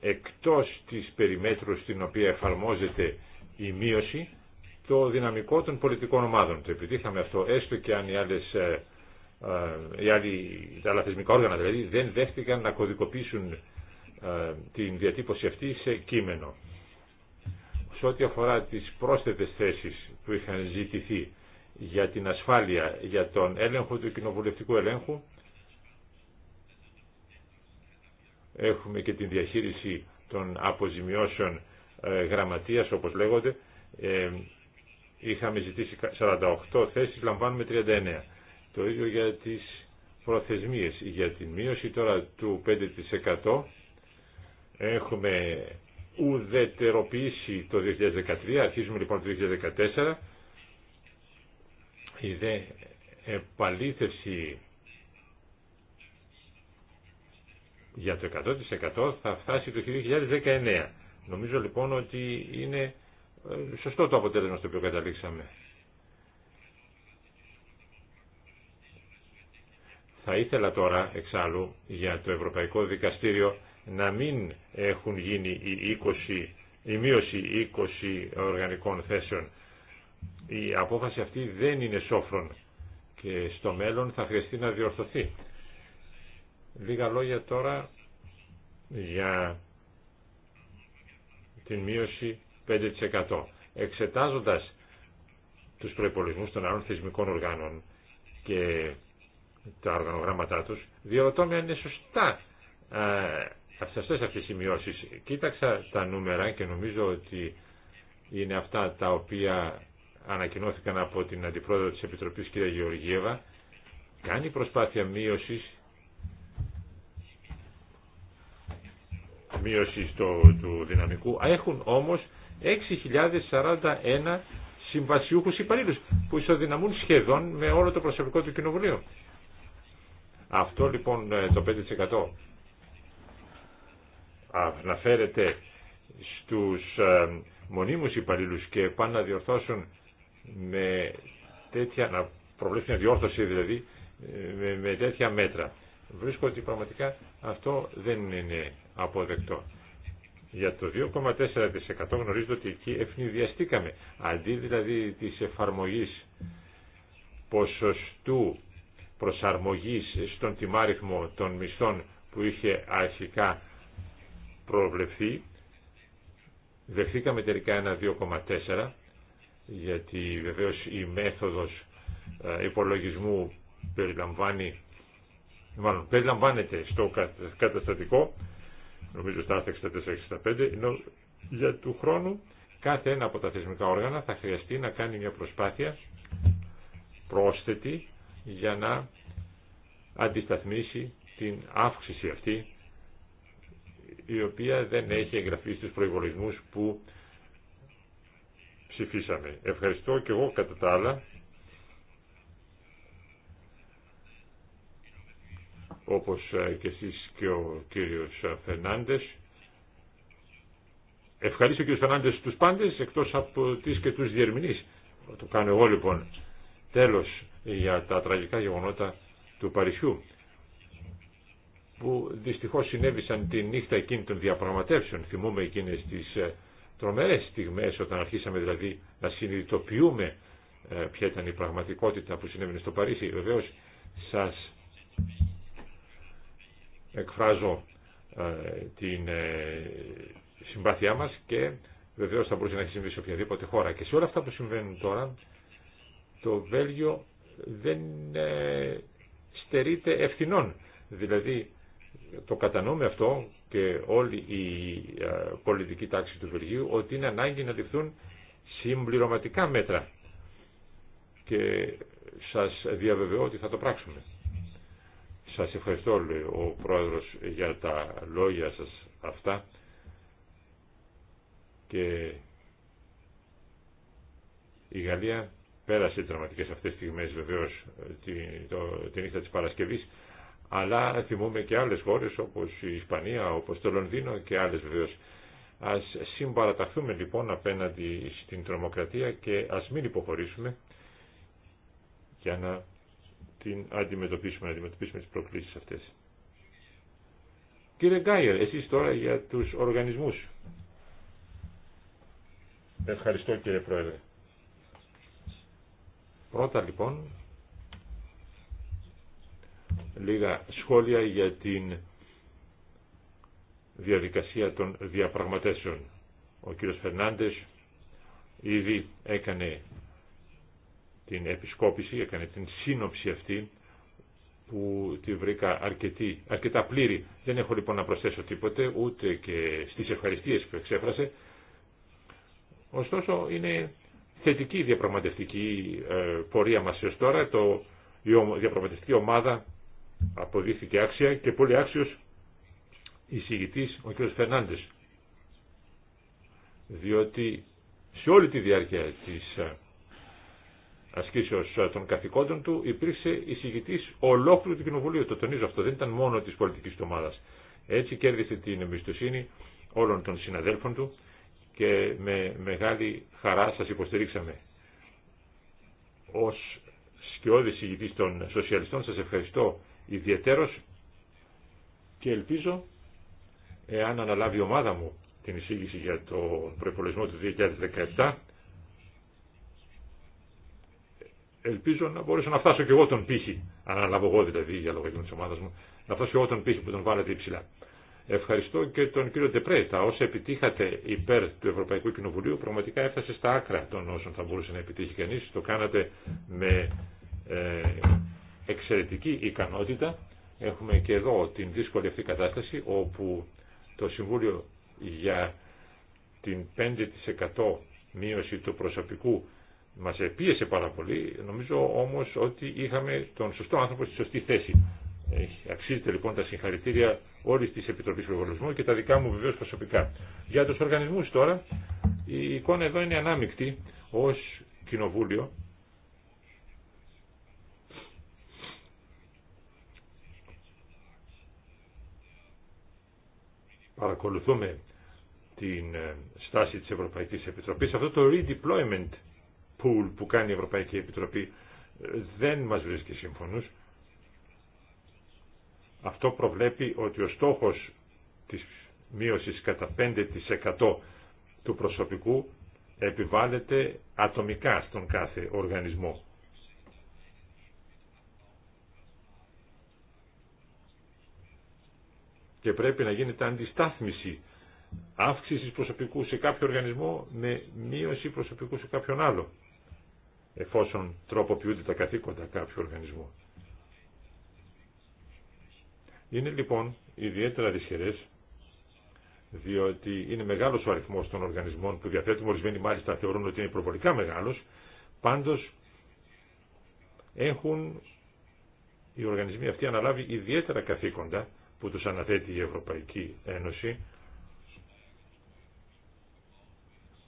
εκτός της περιμέτρου στην οποία εφαρμόζεται η μείωση το δυναμικό των πολιτικών ομάδων. Το επιτύχαμε αυτό έστω και αν οι άλλες ε, ε, άλλοι, τα θεσμικά όργανα δηλαδή δεν δέχτηκαν να κωδικοποιήσουν ε, την διατύπωση αυτή σε κείμενο σε ό,τι αφορά τις πρόσθετες θέσεις που είχαν ζητηθεί για την ασφάλεια, για τον έλεγχο του κοινοβουλευτικού ελέγχου, έχουμε και την διαχείριση των αποζημιώσεων ε, γραμματείας, όπως λέγονται, ε, είχαμε ζητήσει 48 θέσεις, λαμβάνουμε 39. Το ίδιο για τις προθεσμίες. Για την μείωση τώρα του 5% έχουμε Ουδετεροποιήσει το 2013, αρχίζουμε λοιπόν το 2014, η δε επαλήθευση για το 100% θα φτάσει το 2019. Νομίζω λοιπόν ότι είναι ε, σωστό το αποτέλεσμα στο οποίο καταλήξαμε. Θα ήθελα τώρα, εξάλλου, για το Ευρωπαϊκό Δικαστήριο να μην έχουν γίνει η, 20, η μείωση 20 οργανικών θέσεων. Η απόφαση αυτή δεν είναι σόφρον και στο μέλλον θα χρειαστεί να διορθωθεί. Λίγα λόγια τώρα για την μείωση 5%. Εξετάζοντας τους προϋπολογισμούς των άλλων θεσμικών οργάνων και τα οργανογράμματά τους, διαρωτώ με αν είναι σωστά Αυτές αυτές οι σημειώσεις. Κοίταξα τα νούμερα και νομίζω ότι είναι αυτά τα οποία ανακοινώθηκαν από την Αντιπρόεδρο της Επιτροπής κ. Γεωργίευα. Κάνει προσπάθεια μείωσης μείωση του, του δυναμικού. Έχουν όμως 6.041 συμβασιούχους υπαλλήλους που ισοδυναμούν σχεδόν με όλο το προσωπικό του κοινοβουλίου. Αυτό λοιπόν ε, το 5% αναφέρεται στους ε, μονίμους υπαλλήλους και πάνε να διορθώσουν με τέτοια, να δηλαδή, με, με τέτοια μέτρα. Βρίσκω ότι πραγματικά αυτό δεν είναι αποδεκτό. Για το 2,4% γνωρίζετε ότι εκεί ευνηδιαστήκαμε. Αντί δηλαδή της εφαρμογής ποσοστού προσαρμογής στον τιμάριθμο των μισθών που είχε αρχικά προβλεφθεί. Δεχθήκαμε τελικά ένα 2,4 γιατί βεβαίως η μέθοδος ε, υπολογισμού περιλαμβάνει μάλλον περιλαμβάνεται στο καταστατικό νομίζω στα 64-65 ενώ για του χρόνου κάθε ένα από τα θεσμικά όργανα θα χρειαστεί να κάνει μια προσπάθεια πρόσθετη για να αντισταθμίσει την αύξηση αυτή η οποία δεν έχει εγγραφεί στους προϋπολογισμούς που ψηφίσαμε. Ευχαριστώ και εγώ κατά τα άλλα. όπως ε, και εσείς και ο κύριος ε, Φερνάντες. Ευχαρίστω ο κύριος Φερνάντες τους πάντες, εκτός από τις και τους διερμηνείς. Το κάνω εγώ λοιπόν. Τέλος για τα τραγικά γεγονότα του Παρισιού που δυστυχώς συνέβησαν τη νύχτα εκείνη των διαπραγματεύσεων. Θυμούμε εκείνες τις ε, τρομερές στιγμές όταν αρχίσαμε δηλαδή να συνειδητοποιούμε ε, ποια ήταν η πραγματικότητα που συνέβαινε στο Παρίσι. Βεβαίως σας εκφράζω ε, την συμπάθειά μας και βεβαίως θα μπορούσε να έχει συμβεί σε οποιαδήποτε χώρα. Και σε όλα αυτά που συμβαίνουν τώρα το Βέλγιο δεν στερείται ευθυνών. Δηλαδή το κατανοούμε αυτό και όλη η ε, πολιτική τάξη του Βελγίου ότι είναι ανάγκη να ληφθούν συμπληρωματικά μέτρα και σας διαβεβαιώ ότι θα το πράξουμε. Σας ευχαριστώ λέει, ο Πρόεδρος για τα λόγια σας αυτά και η Γαλλία πέρασε τις δραματικές αυτές τις στιγμές βεβαίως τη, τη νύχτα της Παρασκευής αλλά θυμούμε και άλλες χώρες όπως η Ισπανία, όπως το Λονδίνο και άλλες βεβαίως. Ας συμπαραταχθούμε λοιπόν απέναντι στην τρομοκρατία και ας μην υποχωρήσουμε για να την αντιμετωπίσουμε, να αντιμετωπίσουμε τις προκλήσεις αυτές. Κύριε Γκάιερ, εσείς τώρα για τους οργανισμούς. Ευχαριστώ κύριε Πρόεδρε. Πρώτα λοιπόν λίγα σχόλια για την διαδικασία των διαπραγματεύσεων. Ο κύριος Φερνάντες ήδη έκανε την επισκόπηση, έκανε την σύνοψη αυτή που τη βρήκα αρκετή, αρκετά πλήρη. Δεν έχω λοιπόν να προσθέσω τίποτε, ούτε και στις ευχαριστίες που εξέφρασε. Ωστόσο είναι θετική η διαπραγματευτική ε, πορεία μας έως τώρα. Το, η διαπραγματευτική ομάδα αποδείχθηκε άξια και πολύ άξιος εισηγητής ο κ. Φερνάντες. Διότι σε όλη τη διάρκεια της ε, ασκήσεως ε, των καθηκόντων του υπήρξε εισηγητής ολόκληρου του Κοινοβουλίου. Το τονίζω αυτό, δεν ήταν μόνο της πολιτικής του ομάδας. Έτσι κέρδισε την εμπιστοσύνη όλων των συναδέλφων του και με μεγάλη χαρά σας υποστηρίξαμε. Ως σκιώδης ηγητής των σοσιαλιστών σας ευχαριστώ ιδιαίτερος και ελπίζω, εάν αναλάβει η ομάδα μου την εισήγηση για το προπολογισμό του 2017, ελπίζω να μπορέσω να φτάσω και εγώ τον πύχη, αν αναλάβω εγώ δηλαδή για λόγω της ομάδας μου, να φτάσω και εγώ τον πύχη που τον βάλετε υψηλά. Ευχαριστώ και τον κύριο Ντεπρέ. Τα όσα επιτύχατε υπέρ του Ευρωπαϊκού Κοινοβουλίου πραγματικά έφτασε στα άκρα των όσων θα μπορούσε να επιτύχει κανεί. Το κάνατε με ε, εξαιρετική ικανότητα. Έχουμε και εδώ την δύσκολη αυτή κατάσταση όπου το Συμβούλιο για την 5% μείωση του προσωπικού μας επίεσε πάρα πολύ. Νομίζω όμως ότι είχαμε τον σωστό άνθρωπο στη σωστή θέση. Αξίζεται λοιπόν τα συγχαρητήρια όλη τη Επιτροπή Προβολισμού και τα δικά μου βεβαίω προσωπικά. Για του οργανισμού τώρα, η εικόνα εδώ είναι ανάμεικτη. Ω κοινοβούλιο παρακολουθούμε την ε, στάση της Ευρωπαϊκής Επιτροπής. Αυτό το redeployment pool που κάνει η Ευρωπαϊκή Επιτροπή ε, δεν μας βρίσκει σύμφωνος. Αυτό προβλέπει ότι ο στόχος της μείωσης κατά 5% του προσωπικού επιβάλλεται ατομικά στον κάθε οργανισμό. και πρέπει να γίνεται αντιστάθμιση αύξησης προσωπικού σε κάποιο οργανισμό με μείωση προσωπικού σε κάποιον άλλο εφόσον τροποποιούνται τα καθήκοντα κάποιου οργανισμού. Είναι λοιπόν ιδιαίτερα δυσχερές διότι είναι μεγάλος ο αριθμός των οργανισμών που διαθέτουμε, ορισμένοι μάλιστα θεωρούν ότι είναι προβολικά μεγάλος, πάντως έχουν οι οργανισμοί αυτοί αναλάβει ιδιαίτερα καθήκοντα που τους αναθέτει η Ευρωπαϊκή Ένωση.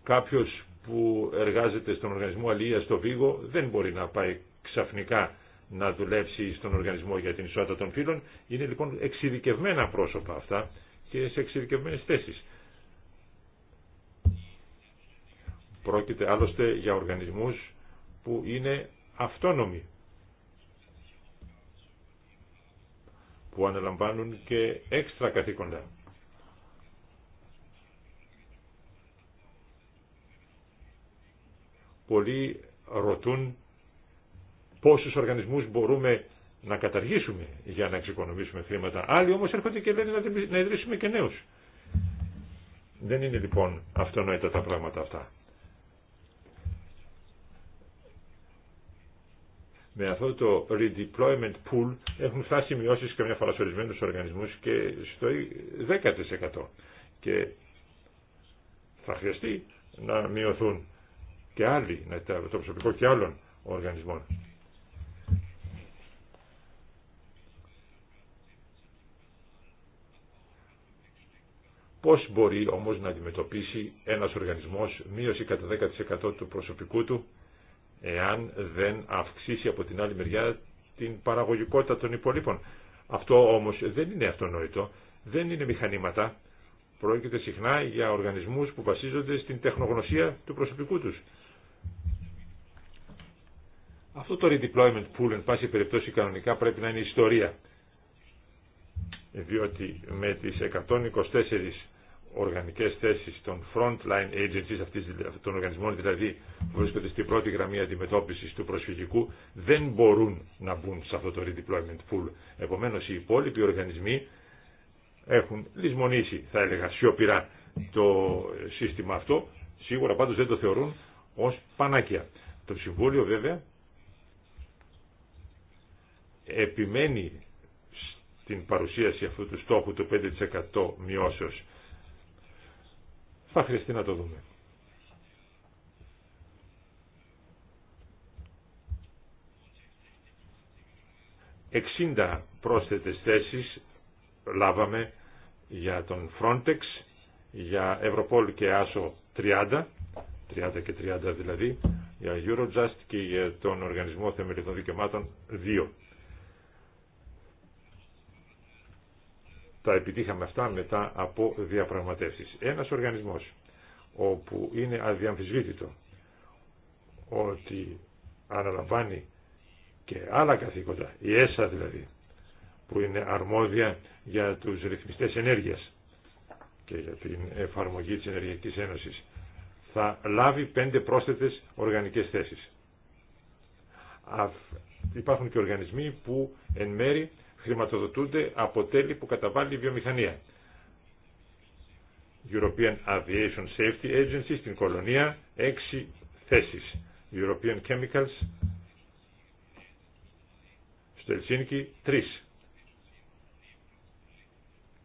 Κάποιος που εργάζεται στον οργανισμό Αλία στο Βίγο δεν μπορεί να πάει ξαφνικά να δουλέψει στον οργανισμό για την ισότητα των φύλων. Είναι λοιπόν εξειδικευμένα πρόσωπα αυτά και σε εξειδικευμένες θέσεις. Πρόκειται άλλωστε για οργανισμούς που είναι αυτόνομοι που αναλαμβάνουν και έξτρα καθήκοντα. Πολλοί ρωτούν πόσους οργανισμούς μπορούμε να καταργήσουμε για να εξοικονομήσουμε χρήματα. Άλλοι όμως έρχονται και λένε να ιδρύσουμε και νέους. Δεν είναι λοιπόν αυτονόητα τα πράγματα αυτά. με αυτό το redeployment pool έχουν φτάσει μειώσεις καμιά φορά σε ορισμένους οργανισμούς και στο 10% και θα χρειαστεί να μειωθούν και άλλοι, να, το προσωπικό και άλλων οργανισμών. Πώς μπορεί όμως να αντιμετωπίσει ένας οργανισμός μείωση κατά 10% του προσωπικού του εάν δεν αυξήσει από την άλλη μεριά την παραγωγικότητα των υπολείπων. Αυτό όμως δεν είναι αυτονόητο, δεν είναι μηχανήματα. Πρόκειται συχνά για οργανισμούς που βασίζονται στην τεχνογνωσία του προσωπικού τους. Αυτό το redeployment pool, εν πάση περιπτώσει, κανονικά πρέπει να είναι ιστορία. Διότι με τις 124 οργανικές θέσεις των frontline agencies αυτής, των οργανισμών δηλαδή που βρίσκονται στην πρώτη γραμμή αντιμετώπισης του προσφυγικού δεν μπορούν να μπουν σε αυτό το redeployment pool. Επομένως οι υπόλοιποι οργανισμοί έχουν λησμονήσει θα έλεγα σιωπηρά το σύστημα αυτό σίγουρα πάντως δεν το θεωρούν ως πανάκια. Το Συμβούλιο βέβαια επιμένει στην παρουσίαση αυτού του στόχου του 5% μειώσεως θα χρειαστεί να το δούμε. Εξήντα πρόσθετες θέσεις λάβαμε για τον Frontex, για Ευρωπόλ και Άσο 30, 30 και 30 δηλαδή, για Eurojust και για τον Οργανισμό Θεμελιωτών Δικαιωμάτων 2. Τα επιτύχαμε αυτά μετά από διαπραγματεύσεις. Ένας οργανισμός όπου είναι αδιαμφισβήτητο ότι αναλαμβάνει και άλλα καθήκοντα, η ΕΣΑ δηλαδή, που είναι αρμόδια για τους ρυθμιστές ενέργειας και για την εφαρμογή της Ενεργειακής Ένωσης, θα λάβει πέντε πρόσθετες οργανικές θέσεις. Υπάρχουν και οργανισμοί που εν μέρη χρηματοδοτούνται από τέλη που καταβάλει η βιομηχανία. European Aviation Safety Agency στην Κολονία 6 θέσεις. European Chemicals στο Ελσίνικη 3.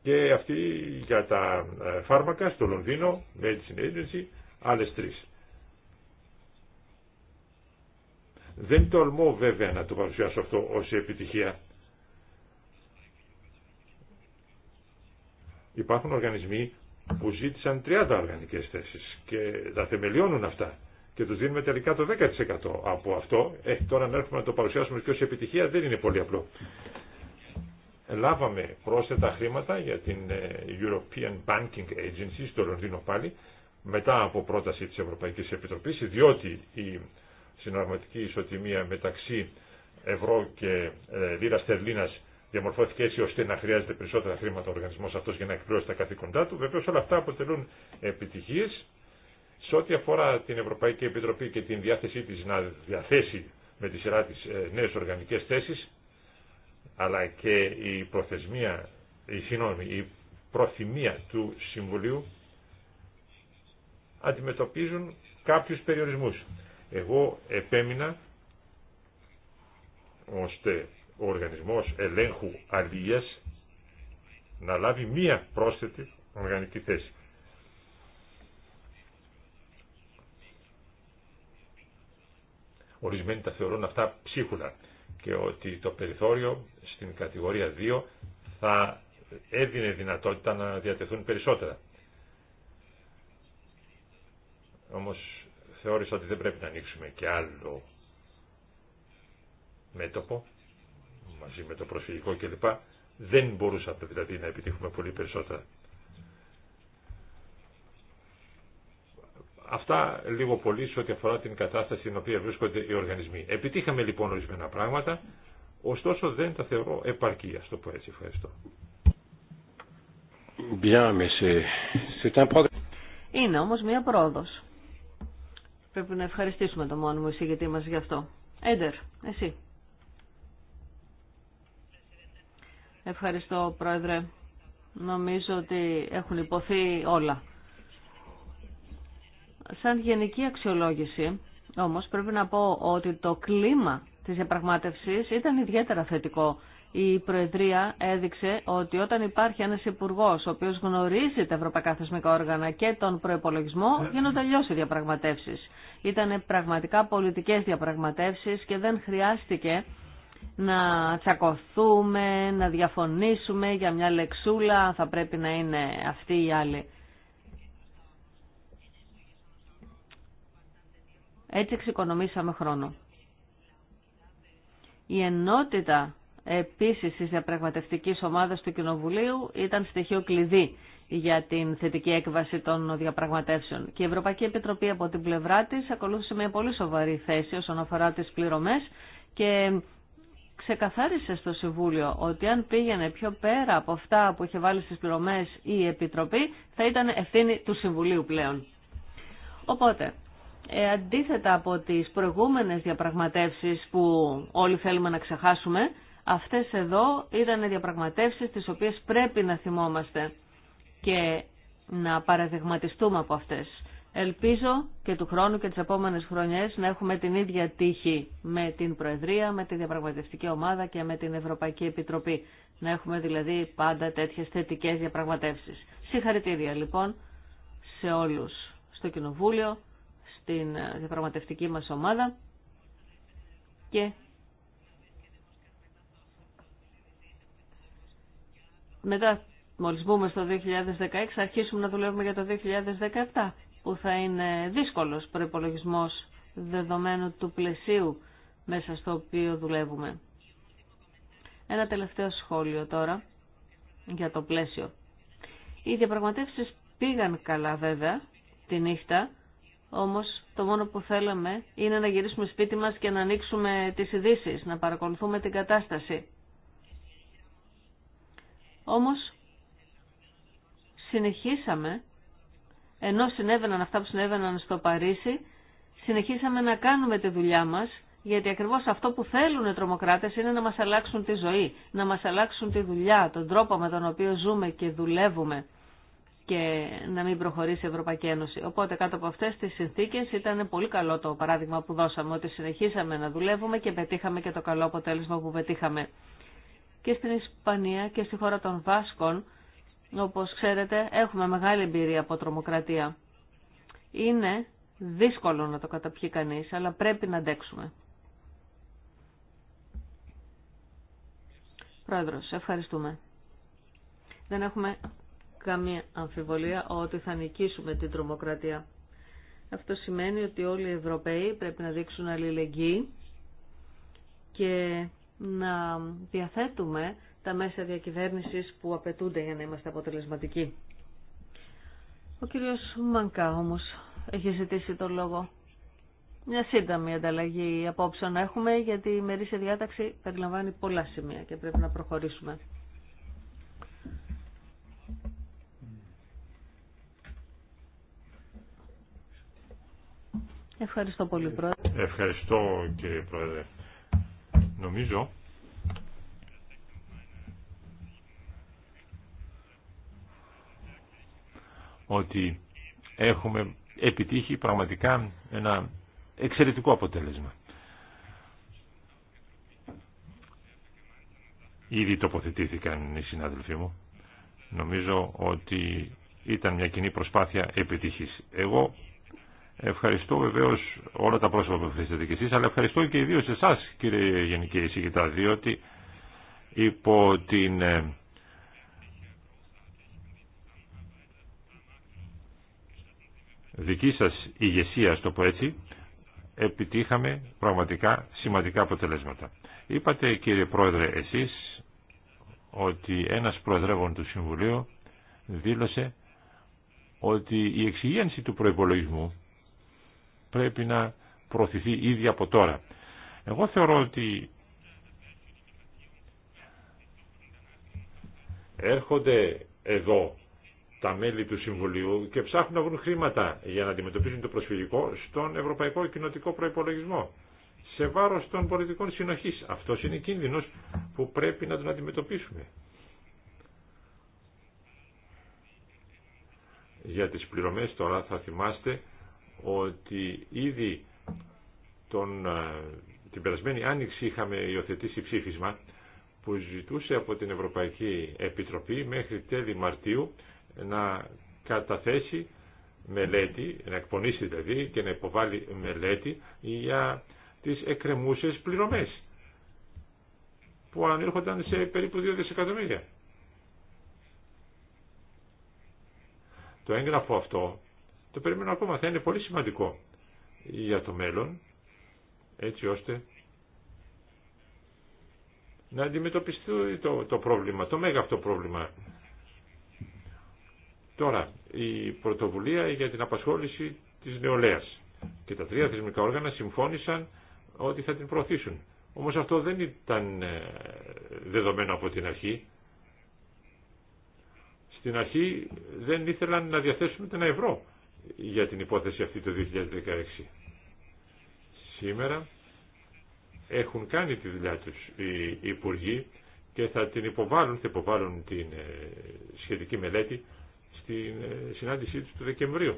Και αυτή για τα ε, φάρμακα στο Λονδίνο, Medicine Agency, άλλες τρει. Δεν τολμώ βέβαια να το παρουσιάσω αυτό ως επιτυχία Υπάρχουν οργανισμοί που ζήτησαν 30 οργανικές θέσεις και τα θεμελιώνουν αυτά και τους δίνουμε τελικά το 10% από αυτό. Ε, τώρα να έρθουμε να το παρουσιάσουμε και ως επιτυχία δεν είναι πολύ απλό. Λάβαμε πρόσθετα χρήματα για την ε, European Banking Agency στο Λονδίνο πάλι μετά από πρόταση της Ευρωπαϊκής Επιτροπής διότι η συναρματική ισοτιμία μεταξύ ευρώ και ε, λίρα στερλίνας διαμορφώθηκε έτσι ώστε να χρειάζεται περισσότερα χρήματα ο οργανισμό αυτό για να εκπληρώσει τα καθήκοντά του. Βεβαίω όλα αυτά αποτελούν επιτυχίε. Σε ό,τι αφορά την Ευρωπαϊκή Επιτροπή και την διάθεσή τη να διαθέσει με τη σειρά τη ε, νέε οργανικέ θέσει, αλλά και η προθεσμία, η, συγγνώμη, η προθυμία του Συμβουλίου αντιμετωπίζουν κάποιους περιορισμούς. Εγώ επέμεινα ώστε ο Οργανισμός Ελέγχου Αλίας να λάβει μία πρόσθετη οργανική θέση. Ορισμένοι τα θεωρούν αυτά ψίχουλα και ότι το περιθώριο στην κατηγορία 2 θα έδινε δυνατότητα να διατεθούν περισσότερα. Όμως θεώρησα ότι δεν πρέπει να ανοίξουμε και άλλο μέτωπο μαζί με το προσφυγικό κλπ. Δεν μπορούσαμε δηλαδή να επιτύχουμε πολύ περισσότερα. Αυτά λίγο πολύ σε ό,τι αφορά την κατάσταση στην οποία βρίσκονται οι οργανισμοί. Επιτύχαμε λοιπόν ορισμένα πράγματα, ωστόσο δεν τα θεωρώ επαρκή, α το πω έτσι. Ευχαριστώ. Είναι όμως μία πρόοδος. Πρέπει να ευχαριστήσουμε το μόνο μου εισηγητή μας γι' αυτό. Έντερ, εσύ. Ευχαριστώ, Πρόεδρε. Νομίζω ότι έχουν υποθεί όλα. Σαν γενική αξιολόγηση, όμως, πρέπει να πω ότι το κλίμα της διαπραγμάτευσης ήταν ιδιαίτερα θετικό. Η Προεδρία έδειξε ότι όταν υπάρχει ένας υπουργό ο οποίος γνωρίζει τα ευρωπαϊκά θεσμικά όργανα και τον προπολογισμό, γίνονται αλλιώ οι διαπραγματεύσεις. Ήταν πραγματικά πολιτικές διαπραγματεύσεις και δεν χρειάστηκε να τσακωθούμε, να διαφωνήσουμε για μια λεξούλα, θα πρέπει να είναι αυτή ή άλλη. Έτσι εξοικονομήσαμε χρόνο. Η ενότητα επίσης της διαπραγματευτικής ομάδας του Κοινοβουλίου ήταν στοιχείο κλειδί για την θετική έκβαση των διαπραγματεύσεων. Και η Ευρωπαϊκή Επιτροπή από την πλευρά της ακολούθησε μια πολύ σοβαρή θέση όσον αφορά τις πληρωμές και ξεκαθάρισε στο Συμβούλιο ότι αν πήγαινε πιο πέρα από αυτά που είχε βάλει στις πληρωμές η Επιτροπή θα ήταν ευθύνη του Συμβουλίου πλέον. Οπότε, ε, αντίθετα από τις προηγούμενες διαπραγματεύσεις που όλοι θέλουμε να ξεχάσουμε, αυτές εδώ ήταν διαπραγματεύσεις τις οποίες πρέπει να θυμόμαστε και να παραδειγματιστούμε από αυτές. Ελπίζω και του χρόνου και τις επόμενες χρονιές να έχουμε την ίδια τύχη με την Προεδρία, με τη Διαπραγματευτική Ομάδα και με την Ευρωπαϊκή Επιτροπή. Να έχουμε δηλαδή πάντα τέτοιες θετικές διαπραγματεύσεις. Συγχαρητήρια λοιπόν σε όλους στο Κοινοβούλιο, στην διαπραγματευτική μας ομάδα και μετά μόλις μπούμε στο 2016 αρχίσουμε να δουλεύουμε για το 2017 που θα είναι δύσκολος προϋπολογισμός δεδομένου του πλαισίου μέσα στο οποίο δουλεύουμε. Ένα τελευταίο σχόλιο τώρα για το πλαίσιο. Οι διαπραγματεύσεις πήγαν καλά βέβαια τη νύχτα, όμως το μόνο που θέλαμε είναι να γυρίσουμε σπίτι μας και να ανοίξουμε τις ειδήσει, να παρακολουθούμε την κατάσταση. Όμως συνεχίσαμε ενώ συνέβαιναν αυτά που συνέβαιναν στο Παρίσι, συνεχίσαμε να κάνουμε τη δουλειά μας, γιατί ακριβώς αυτό που θέλουν οι τρομοκράτες είναι να μας αλλάξουν τη ζωή, να μας αλλάξουν τη δουλειά, τον τρόπο με τον οποίο ζούμε και δουλεύουμε και να μην προχωρήσει η Ευρωπαϊκή Ένωση. Οπότε κάτω από αυτές τις συνθήκες ήταν πολύ καλό το παράδειγμα που δώσαμε, ότι συνεχίσαμε να δουλεύουμε και πετύχαμε και το καλό αποτέλεσμα που πετύχαμε. Και στην Ισπανία και στη χώρα των Βάσκων, όπως ξέρετε, έχουμε μεγάλη εμπειρία από τρομοκρατία. Είναι δύσκολο να το καταπιεί κανείς, αλλά πρέπει να αντέξουμε. Πρόεδρος, ευχαριστούμε. Δεν έχουμε καμία αμφιβολία ότι θα νικήσουμε την τρομοκρατία. Αυτό σημαίνει ότι όλοι οι Ευρωπαίοι πρέπει να δείξουν αλληλεγγύη και να διαθέτουμε τα μέσα διακυβέρνησης που απαιτούνται για να είμαστε αποτελεσματικοί. Ο κύριος Μανκά όμως έχει ζητήσει το λόγο. Μια σύνταμη ανταλλαγή απόψε να έχουμε γιατί η μερίσια διάταξη περιλαμβάνει πολλά σημεία και πρέπει να προχωρήσουμε. Ευχαριστώ πολύ, Πρόεδρε. Ευχαριστώ, κύριε Πρόεδρε. Νομίζω ότι έχουμε επιτύχει πραγματικά ένα εξαιρετικό αποτέλεσμα. Ήδη τοποθετήθηκαν οι συνάδελφοί μου. Νομίζω ότι ήταν μια κοινή προσπάθεια επιτυχής. Εγώ ευχαριστώ βεβαίως όλα τα πρόσωπα που ευχαριστείτε και εσείς, αλλά ευχαριστώ και ιδίως εσάς κύριε Γενική Εισηγητά, διότι υπό την ε, δική σας ηγεσία, στο πω έτσι, επιτύχαμε πραγματικά σημαντικά αποτελέσματα. Είπατε κύριε Πρόεδρε εσείς ότι ένας προεδρεύων του Συμβουλίου δήλωσε ότι η εξυγένση του προϋπολογισμού πρέπει να προωθηθεί ήδη από τώρα. Εγώ θεωρώ ότι έρχονται εδώ τα μέλη του Συμβουλίου και ψάχνουν να βρουν χρήματα για να αντιμετωπίσουν το προσφυγικό στον Ευρωπαϊκό Κοινοτικό Προπολογισμό. Σε βάρο των πολιτικών συνοχή. Αυτό είναι κίνδυνο που πρέπει να τον αντιμετωπίσουμε. Για τις πληρωμές τώρα θα θυμάστε ότι ήδη τον, ε, την περασμένη άνοιξη είχαμε υιοθετήσει ψήφισμα που ζητούσε από την Ευρωπαϊκή Επιτροπή μέχρι τέλη Μαρτίου να καταθέσει μελέτη, να εκπονήσει δηλαδή και να υποβάλει μελέτη για τις εκκρεμούσες πληρωμές που ανήρχονταν σε περίπου 2 δισεκατομμύρια. Το έγγραφο αυτό το περιμένω ακόμα, θα είναι πολύ σημαντικό για το μέλλον, έτσι ώστε να αντιμετωπιστεί το, το πρόβλημα, το μέγα αυτό πρόβλημα Τώρα, η πρωτοβουλία για την απασχόληση της νεολαίας. Και τα τρία θεσμικά όργανα συμφώνησαν ότι θα την προωθήσουν. Όμως αυτό δεν ήταν ε, δεδομένο από την αρχή. Στην αρχή δεν ήθελαν να διαθέσουν ένα ευρώ για την υπόθεση αυτή το 2016. Σήμερα έχουν κάνει τη δουλειά τους οι υπουργοί και θα την υποβάλουν, θα υποβάλουν την ε, σχετική μελέτη στην ε, συνάντησή του του Δεκεμβρίου.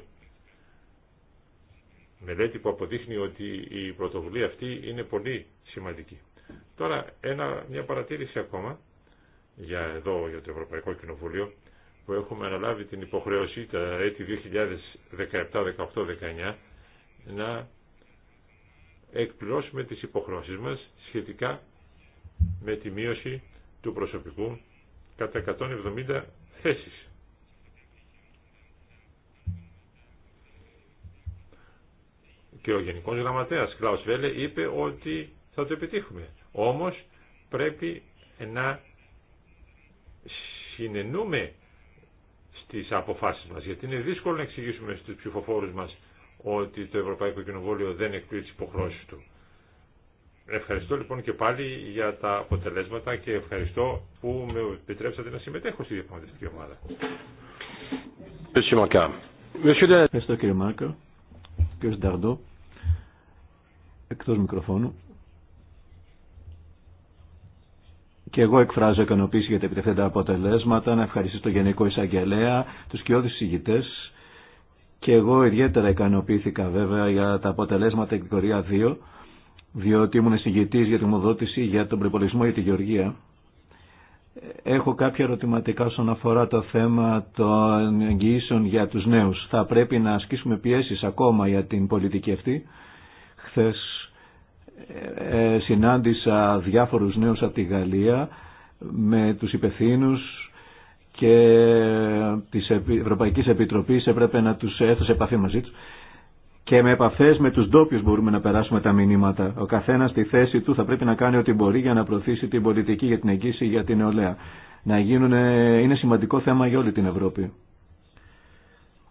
Μελέτη που αποδείχνει ότι η πρωτοβουλία αυτή είναι πολύ σημαντική. Τώρα ένα, μια παρατήρηση ακόμα για εδώ για το Ευρωπαϊκό Κοινοβούλιο που έχουμε αναλάβει την υποχρέωση τα έτη 2017, 18, 19 να εκπληρώσουμε τις υποχρεώσεις μας σχετικά με τη μείωση του προσωπικού κατά 170 θέσεις. και ο γενικό Γραμματέας Κλάου Βέλε είπε ότι θα το επιτύχουμε. Όμως πρέπει να συνενούμε στι αποφάσεις μας, γιατί είναι δύσκολο να εξηγήσουμε στου ψηφοφόρου μας ότι το Ευρωπαϊκό Κοινοβούλιο δεν εκπλήττει τι υποχρώσεις του. Ευχαριστώ λοιπόν και πάλι για τα αποτελέσματα και ευχαριστώ που με επιτρέψατε να συμμετέχω στη διαπραγματευτική ομάδα. κύριε εκτός μικροφώνου. Και εγώ εκφράζω ικανοποίηση για τα επιτευχθέντα αποτελέσματα, να ευχαριστήσω τον Γενικό Εισαγγελέα, τους κοιόδης ηγητές και εγώ ιδιαίτερα ικανοποιήθηκα βέβαια για τα αποτελέσματα εκδορία 2, διότι ήμουν συγγητής για τη μοδότηση για τον προπολισμό για τη Γεωργία. Έχω κάποια ερωτηματικά όσον αφορά το θέμα των εγγυήσεων για τους νέους. Θα πρέπει να ασκήσουμε πιέσεις ακόμα για την πολιτική αυτή. Χθες ε, ε, συνάντησα διάφορους νέους από τη Γαλλία με τους υπευθύνους και της Ευρωπαϊκής Επιτροπής έπρεπε να τους έρθω σε επαφή μαζί τους και με επαφές με τους ντόπιου μπορούμε να περάσουμε τα μηνύματα. Ο καθένας στη θέση του θα πρέπει να κάνει ό,τι μπορεί για να προωθήσει την πολιτική για την εγγύηση για την νεολαία. Να γίνουν, είναι σημαντικό θέμα για όλη την Ευρώπη.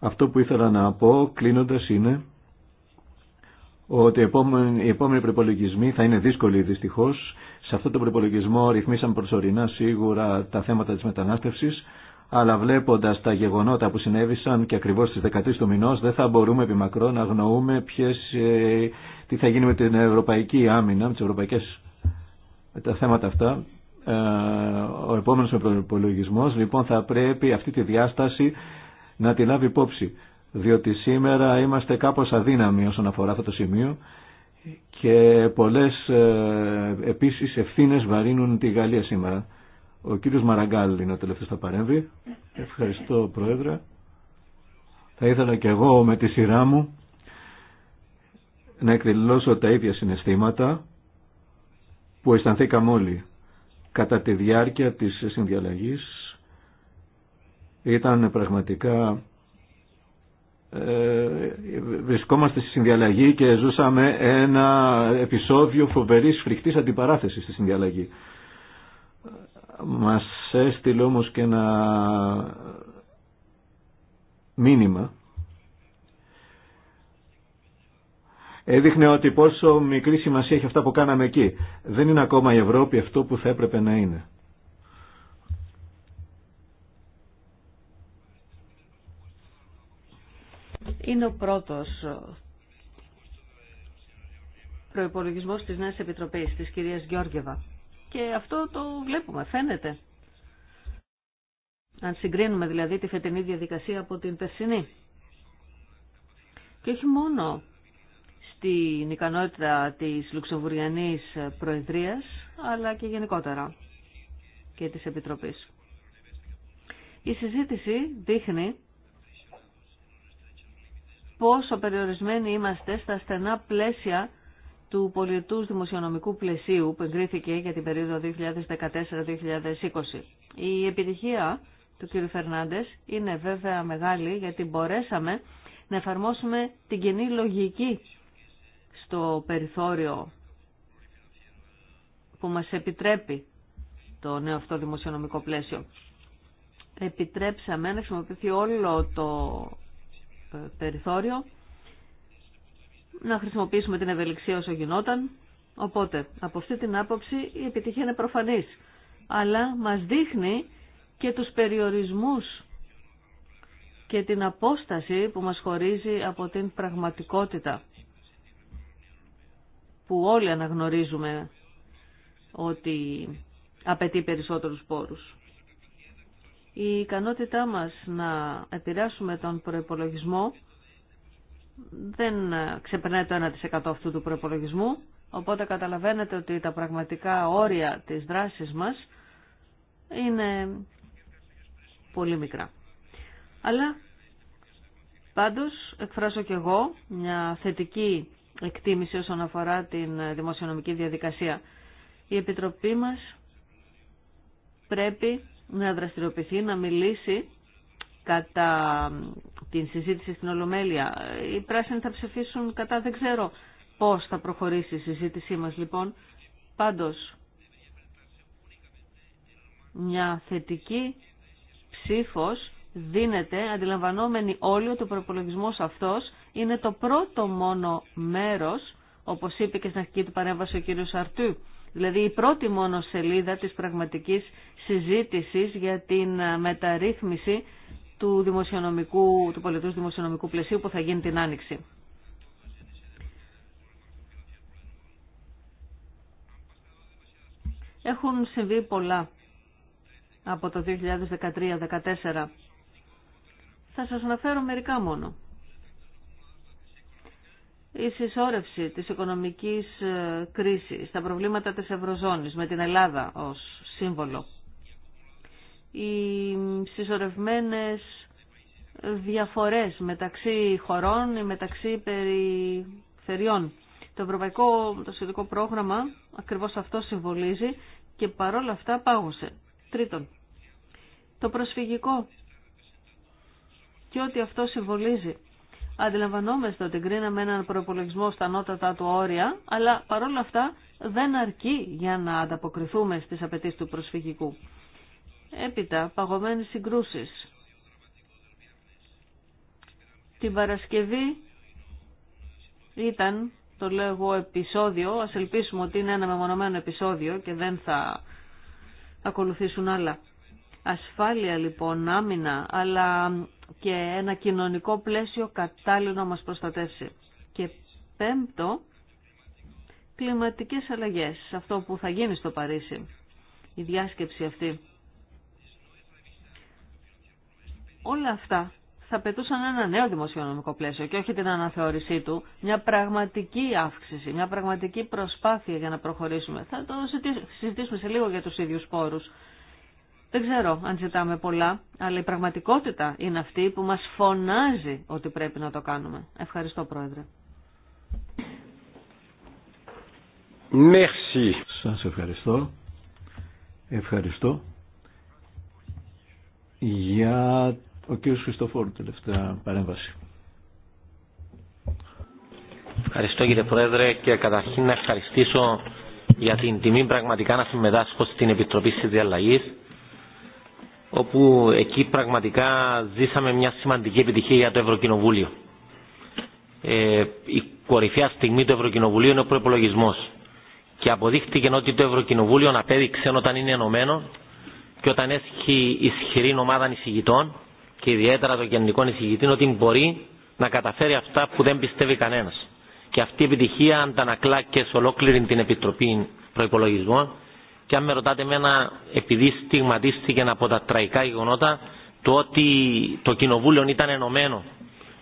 Αυτό που ήθελα να πω κλείνοντας είναι ότι οι επόμενοι, προπολογισμοί θα είναι δύσκολοι δυστυχώ. Σε αυτόν τον προπολογισμό ρυθμίσαν προσωρινά σίγουρα τα θέματα τη μετανάστευση, αλλά βλέποντα τα γεγονότα που συνέβησαν και ακριβώ στι 13 του μηνό, δεν θα μπορούμε επιμακρό να αγνοούμε ποιες, ε, τι θα γίνει με την ευρωπαϊκή άμυνα, με τι ευρωπαϊκέ τα θέματα αυτά. Ε, ο επόμενο προπολογισμό λοιπόν θα πρέπει αυτή τη διάσταση να τη λάβει υπόψη διότι σήμερα είμαστε κάπως αδύναμοι όσον αφορά αυτό το σημείο και πολλές ε, επίσης ευθύνες βαρύνουν τη Γαλλία σήμερα. Ο κύριος Μαραγκάλ είναι ο τελευταίος που θα παρέμβει. Ευχαριστώ Πρόεδρε. Θα ήθελα και εγώ με τη σειρά μου να εκδηλώσω τα ίδια συναισθήματα που αισθανθήκαμε όλοι κατά τη διάρκεια της συνδιαλλαγής. Ήταν πραγματικά ε, βρισκόμαστε στη συνδιαλλαγή και ζούσαμε ένα επεισόδιο φοβερής φρικτής αντιπαράθεσης στη συνδιαλλαγή. Μας έστειλε όμως και ένα μήνυμα. Έδειχνε ότι πόσο μικρή σημασία έχει αυτά που κάναμε εκεί. Δεν είναι ακόμα η Ευρώπη αυτό που θα έπρεπε να είναι. είναι ο πρώτος προϋπολογισμός της Νέας Επιτροπής, της κυρίας Γιώργεβα. Και αυτό το βλέπουμε, φαίνεται. Αν συγκρίνουμε δηλαδή τη φετινή διαδικασία από την περσινή. Και όχι μόνο στην ικανότητα της Λουξεμβουριανής Προεδρίας, αλλά και γενικότερα και της Επιτροπής. Η συζήτηση δείχνει πόσο περιορισμένοι είμαστε στα στενά πλαίσια του πολιτού δημοσιονομικού πλαισίου που εγκρίθηκε για την περίοδο 2014-2020. Η επιτυχία του κ. Φερνάντες είναι βέβαια μεγάλη γιατί μπορέσαμε να εφαρμόσουμε την κοινή λογική στο περιθώριο που μας επιτρέπει το νέο αυτό δημοσιονομικό πλαίσιο. Επιτρέψαμε να χρησιμοποιηθεί όλο το περιθώριο, να χρησιμοποιήσουμε την ευελιξία όσο γινόταν. Οπότε, από αυτή την άποψη η επιτυχία είναι προφανής, αλλά μας δείχνει και τους περιορισμούς και την απόσταση που μας χωρίζει από την πραγματικότητα που όλοι αναγνωρίζουμε ότι απαιτεί περισσότερους πόρους η ικανότητά μας να επηρεάσουμε τον προϋπολογισμό δεν ξεπερνάει το 1% αυτού του προϋπολογισμού, οπότε καταλαβαίνετε ότι τα πραγματικά όρια της δράσης μας είναι πολύ μικρά. Αλλά πάντως εκφράζω και εγώ μια θετική εκτίμηση όσον αφορά την δημοσιονομική διαδικασία. Η Επιτροπή μας πρέπει να δραστηριοποιηθεί, να μιλήσει κατά την συζήτηση στην Ολομέλεια. Οι πράσινοι θα ψηφίσουν κατά δεν ξέρω πώς θα προχωρήσει η συζήτησή μας λοιπόν. Πάντως, μια θετική ψήφος δίνεται αντιλαμβανόμενοι όλοι ότι ο προπολογισμό αυτός είναι το πρώτο μόνο μέρος, όπως είπε και στην αρχική του παρέμβαση ο κύριος Αρτού, δηλαδή η πρώτη μόνο σελίδα της πραγματικής συζήτησης για την μεταρρύθμιση του, δημοσιονομικού, του πολιτού δημοσιονομικού πλαισίου που θα γίνει την Άνοιξη. Έχουν συμβεί πολλά από το 2013-2014. Θα σας αναφέρω μερικά μόνο η συσσόρευση της οικονομικής ε, κρίσης, τα προβλήματα της Ευρωζώνης με την Ελλάδα ως σύμβολο, οι συσσωρευμένες διαφορές μεταξύ χωρών ή μεταξύ περιφερειών. Το ευρωπαϊκό το σχετικό πρόγραμμα ακριβώς αυτό συμβολίζει και παρόλα αυτά πάγωσε. Τρίτον, το προσφυγικό και ό,τι αυτό συμβολίζει. Αντιλαμβανόμαστε ότι κρίναμε έναν προπολογισμό στα ανώτατα του όρια, αλλά παρόλα αυτά δεν αρκεί για να ανταποκριθούμε στις απαιτήσεις του προσφυγικού. Έπειτα, παγωμένες συγκρούσεις. Την Παρασκευή ήταν, το λέω εγώ, επεισόδιο. Ας ελπίσουμε ότι είναι ένα μεμονωμένο επεισόδιο και δεν θα ακολουθήσουν άλλα. Ασφάλεια λοιπόν, άμυνα, αλλά και ένα κοινωνικό πλαίσιο κατάλληλο να μας προστατεύσει. Και πέμπτο, κλιματικές αλλαγές, αυτό που θα γίνει στο Παρίσι, η διάσκεψη αυτή. Όλα αυτά θα πετούσαν ένα νέο δημοσιονομικό πλαίσιο και όχι την αναθεώρησή του, μια πραγματική αύξηση, μια πραγματική προσπάθεια για να προχωρήσουμε. Θα το συζητήσουμε σε λίγο για τους ίδιους πόρους. Δεν ξέρω αν ζητάμε πολλά, αλλά η πραγματικότητα είναι αυτή που μας φωνάζει ότι πρέπει να το κάνουμε. Ευχαριστώ Πρόεδρε. Merci. Σας ευχαριστώ. Ευχαριστώ. Για ο κύριος Χριστοφόρου τελευταία παρέμβαση. Ευχαριστώ κύριε Πρόεδρε και καταρχήν να ευχαριστήσω για την τιμή πραγματικά να συμμετάσχω στην Επιτροπή Συνδιαλλαγής όπου εκεί πραγματικά ζήσαμε μια σημαντική επιτυχία για το Ευρωκοινοβούλιο. Ε, η κορυφαία στιγμή του Ευρωκοινοβουλίου είναι ο προπολογισμό. Και αποδείχτηκε ότι το Ευρωκοινοβούλιο απέδειξε όταν είναι ενωμένο και όταν έχει ισχυρή ομάδα εισηγητών και ιδιαίτερα των κεντρικών εισηγητών ότι μπορεί να καταφέρει αυτά που δεν πιστεύει κανένα. Και αυτή η επιτυχία αντανακλά και σε ολόκληρη την Επιτροπή Προπολογισμών και αν με ρωτάτε εμένα, επειδή στιγματίστηκε από τα τραϊκά γεγονότα, το ότι το Κοινοβούλιο ήταν ενωμένο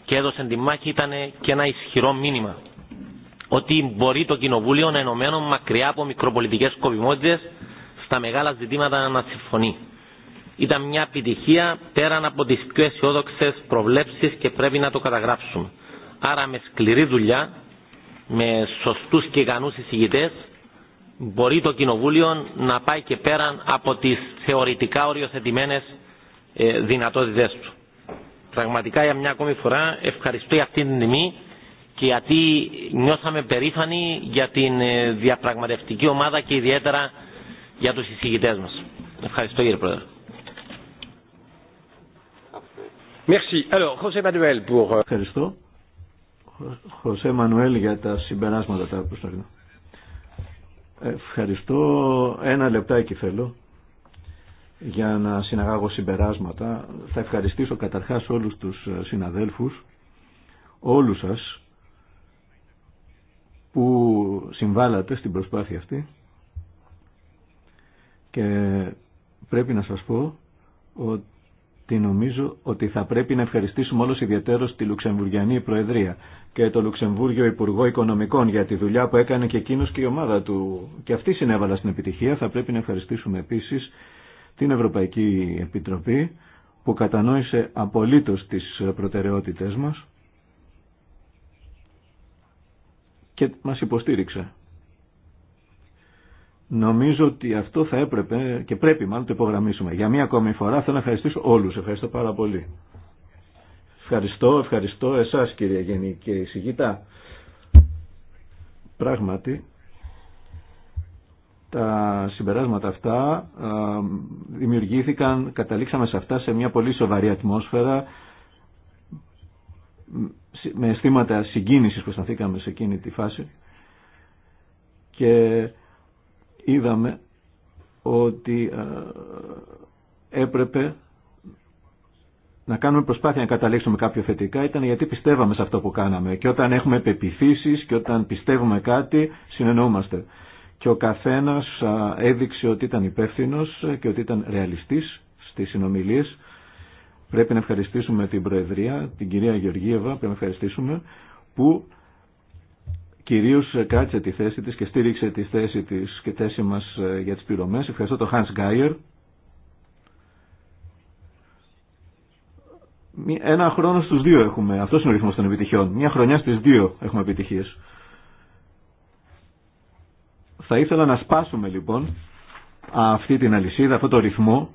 και έδωσε τη μάχη ήταν και ένα ισχυρό μήνυμα. Ότι μπορεί το Κοινοβούλιο να ενωμένο μακριά από μικροπολιτικές κοπημότητες στα μεγάλα ζητήματα να συμφωνεί. Ήταν μια επιτυχία πέραν από τις πιο αισιόδοξε προβλέψεις και πρέπει να το καταγράψουμε. Άρα με σκληρή δουλειά, με σωστούς και ικανούς εισηγητές, μπορεί το Κοινοβούλιο να πάει και πέραν από τις θεωρητικά οριοθετημένες ε, δυνατότητες του. Πραγματικά για μια ακόμη φορά ευχαριστώ για αυτήν την τιμή και γιατί νιώσαμε περήφανοι για την ε, διαπραγματευτική ομάδα και ιδιαίτερα για τους εισηγητές μας. Ευχαριστώ κύριε Πρόεδρε. Merci. Alors, José Manuel pour... Euh, ευχαριστώ. Χωσέ Μανουέλ για τα συμπεράσματα τα Ευχαριστώ. Ένα λεπτάκι θέλω για να συναγάγω συμπεράσματα. Θα ευχαριστήσω καταρχάς όλους τους συναδέλφους, όλους σας που συμβάλατε στην προσπάθεια αυτή και πρέπει να σας πω ότι και νομίζω ότι θα πρέπει να ευχαριστήσουμε όλους ιδιαίτερως τη Λουξεμβουργιανή Προεδρία και το Λουξεμβούργιο Υπουργό Οικονομικών για τη δουλειά που έκανε και εκείνος και η ομάδα του. Και αυτή συνέβαλα στην επιτυχία. Θα πρέπει να ευχαριστήσουμε επίσης την Ευρωπαϊκή Επιτροπή που κατανόησε απολύτως τις προτεραιότητες μας και μας υποστήριξε. Νομίζω ότι αυτό θα έπρεπε και πρέπει μάλλον το υπογραμμίσουμε. Για μία ακόμη φορά θέλω να ευχαριστήσω όλους. Ευχαριστώ πάρα πολύ. Ευχαριστώ, ευχαριστώ εσάς κύριε Γενική Συγητά. Πράγματι, τα συμπεράσματα αυτά δημιουργήθηκαν, καταλήξαμε σε αυτά σε μια πολύ σοβαρή ατμόσφαιρα με αισθήματα συγκίνησης που αισθανθήκαμε σε εκείνη τη φάση και είδαμε ότι ε, έπρεπε να κάνουμε προσπάθεια να καταλήξουμε κάποιο θετικά ήταν γιατί πιστεύαμε σε αυτό που κάναμε. Και όταν έχουμε πεπιθήσεις και όταν πιστεύουμε κάτι, συνεννοούμαστε. Και ο καθένας ε, έδειξε ότι ήταν υπεύθυνο και ότι ήταν ρεαλιστής στις συνομιλίες. Πρέπει να ευχαριστήσουμε την Προεδρία, την κυρία Γεωργίευα, πρέπει να ευχαριστήσουμε, που κυρίως ε, κάτσε τη θέση της και στήριξε τη θέση της και θέση μας ε, για τις πληρωμές. Ευχαριστώ τον Hans Γκάιερ. Ένα χρόνο στους δύο έχουμε. Αυτό είναι ο ρυθμός των επιτυχιών. Μια χρονιά στις δύο έχουμε επιτυχίες. Θα ήθελα να σπάσουμε λοιπόν αυτή την αλυσίδα, αυτό το ρυθμό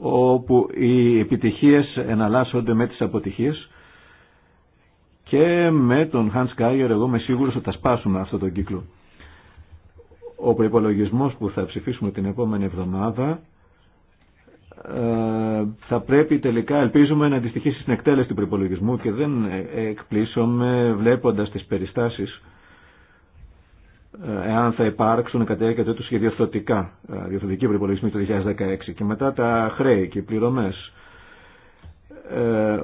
όπου οι επιτυχίες εναλλάσσονται με τις αποτυχίες και με τον Hans Geiger εγώ είμαι σίγουρος ότι θα σπάσουμε αυτό τον κύκλο. Ο προπολογισμό που θα ψηφίσουμε την επόμενη εβδομάδα ε, θα πρέπει τελικά, ελπίζουμε, να αντιστοιχίσει στην εκτέλεση του προπολογισμού και δεν εκπλήσωμε βλέποντας τις περιστάσεις ε, εάν θα υπάρξουν κατά διάρκεια του σχεδιοθωτικά, ε, διορθωτικοί προπολογισμοί το 2016 και μετά τα χρέη και οι πληρωμές ε,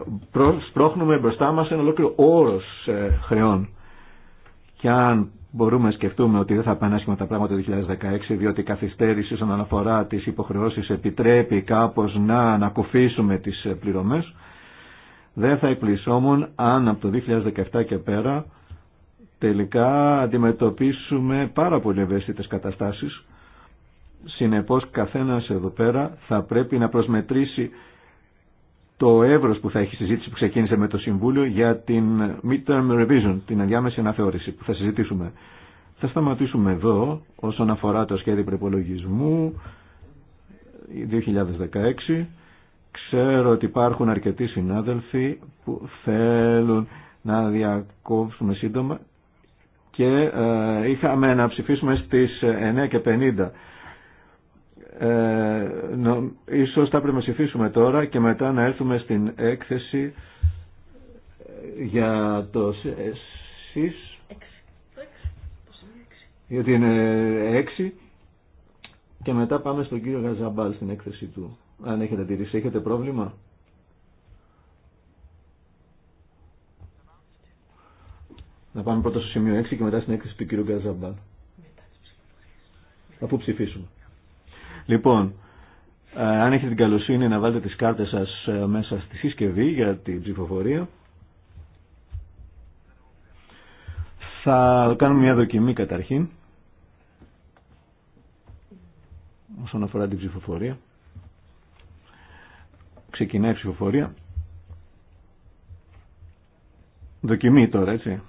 σπρώχνουμε μπροστά μας ένα ολόκληρο όρος ε, χρεών. Και αν μπορούμε να σκεφτούμε ότι δεν θα άσχημα τα πράγματα το 2016, διότι η καθυστέρηση όσον αναφορά τις υποχρεώσεις επιτρέπει κάπως να ανακουφίσουμε τις ε, πληρωμές, δεν θα εκπλησόμουν αν από το 2017 και πέρα τελικά αντιμετωπίσουμε πάρα πολύ ευαίσθητες καταστάσεις. Συνεπώς καθένας εδώ πέρα θα πρέπει να προσμετρήσει το εύρος που θα έχει συζήτηση που ξεκίνησε με το Συμβούλιο για την Midterm Revision, την ενδιάμεση αναθεώρηση που θα συζητήσουμε. Θα σταματήσουμε εδώ όσον αφορά το σχέδιο προπολογισμού 2016. Ξέρω ότι υπάρχουν αρκετοί συνάδελφοι που θέλουν να διακόψουμε σύντομα και ε, είχαμε να ψηφίσουμε στις 9.50 ε, νο, ίσως θα πρέπει να ψηφίσουμε τώρα και μετά να έρθουμε στην έκθεση ε, για το ΣΥΣ για την 6 και μετά πάμε στον κύριο Γαζαμπάλ στην έκθεση του. Αν έχετε αντιρρήσει, έχετε πρόβλημα. Να πάμε πρώτα στο σημείο 6 και μετά στην έκθεση του κύριου Γαζαμπάλ. Αφού ψηφίσουμε. Λοιπόν, ε, αν έχετε την καλοσύνη να βάλετε τις κάρτες σας ε, μέσα στη συσκευή για την ψηφοφορία. Θα κάνουμε μια δοκιμή καταρχήν όσον αφορά την ψηφοφορία. Ξεκινάει η ψηφοφορία. Δοκιμή τώρα, έτσι.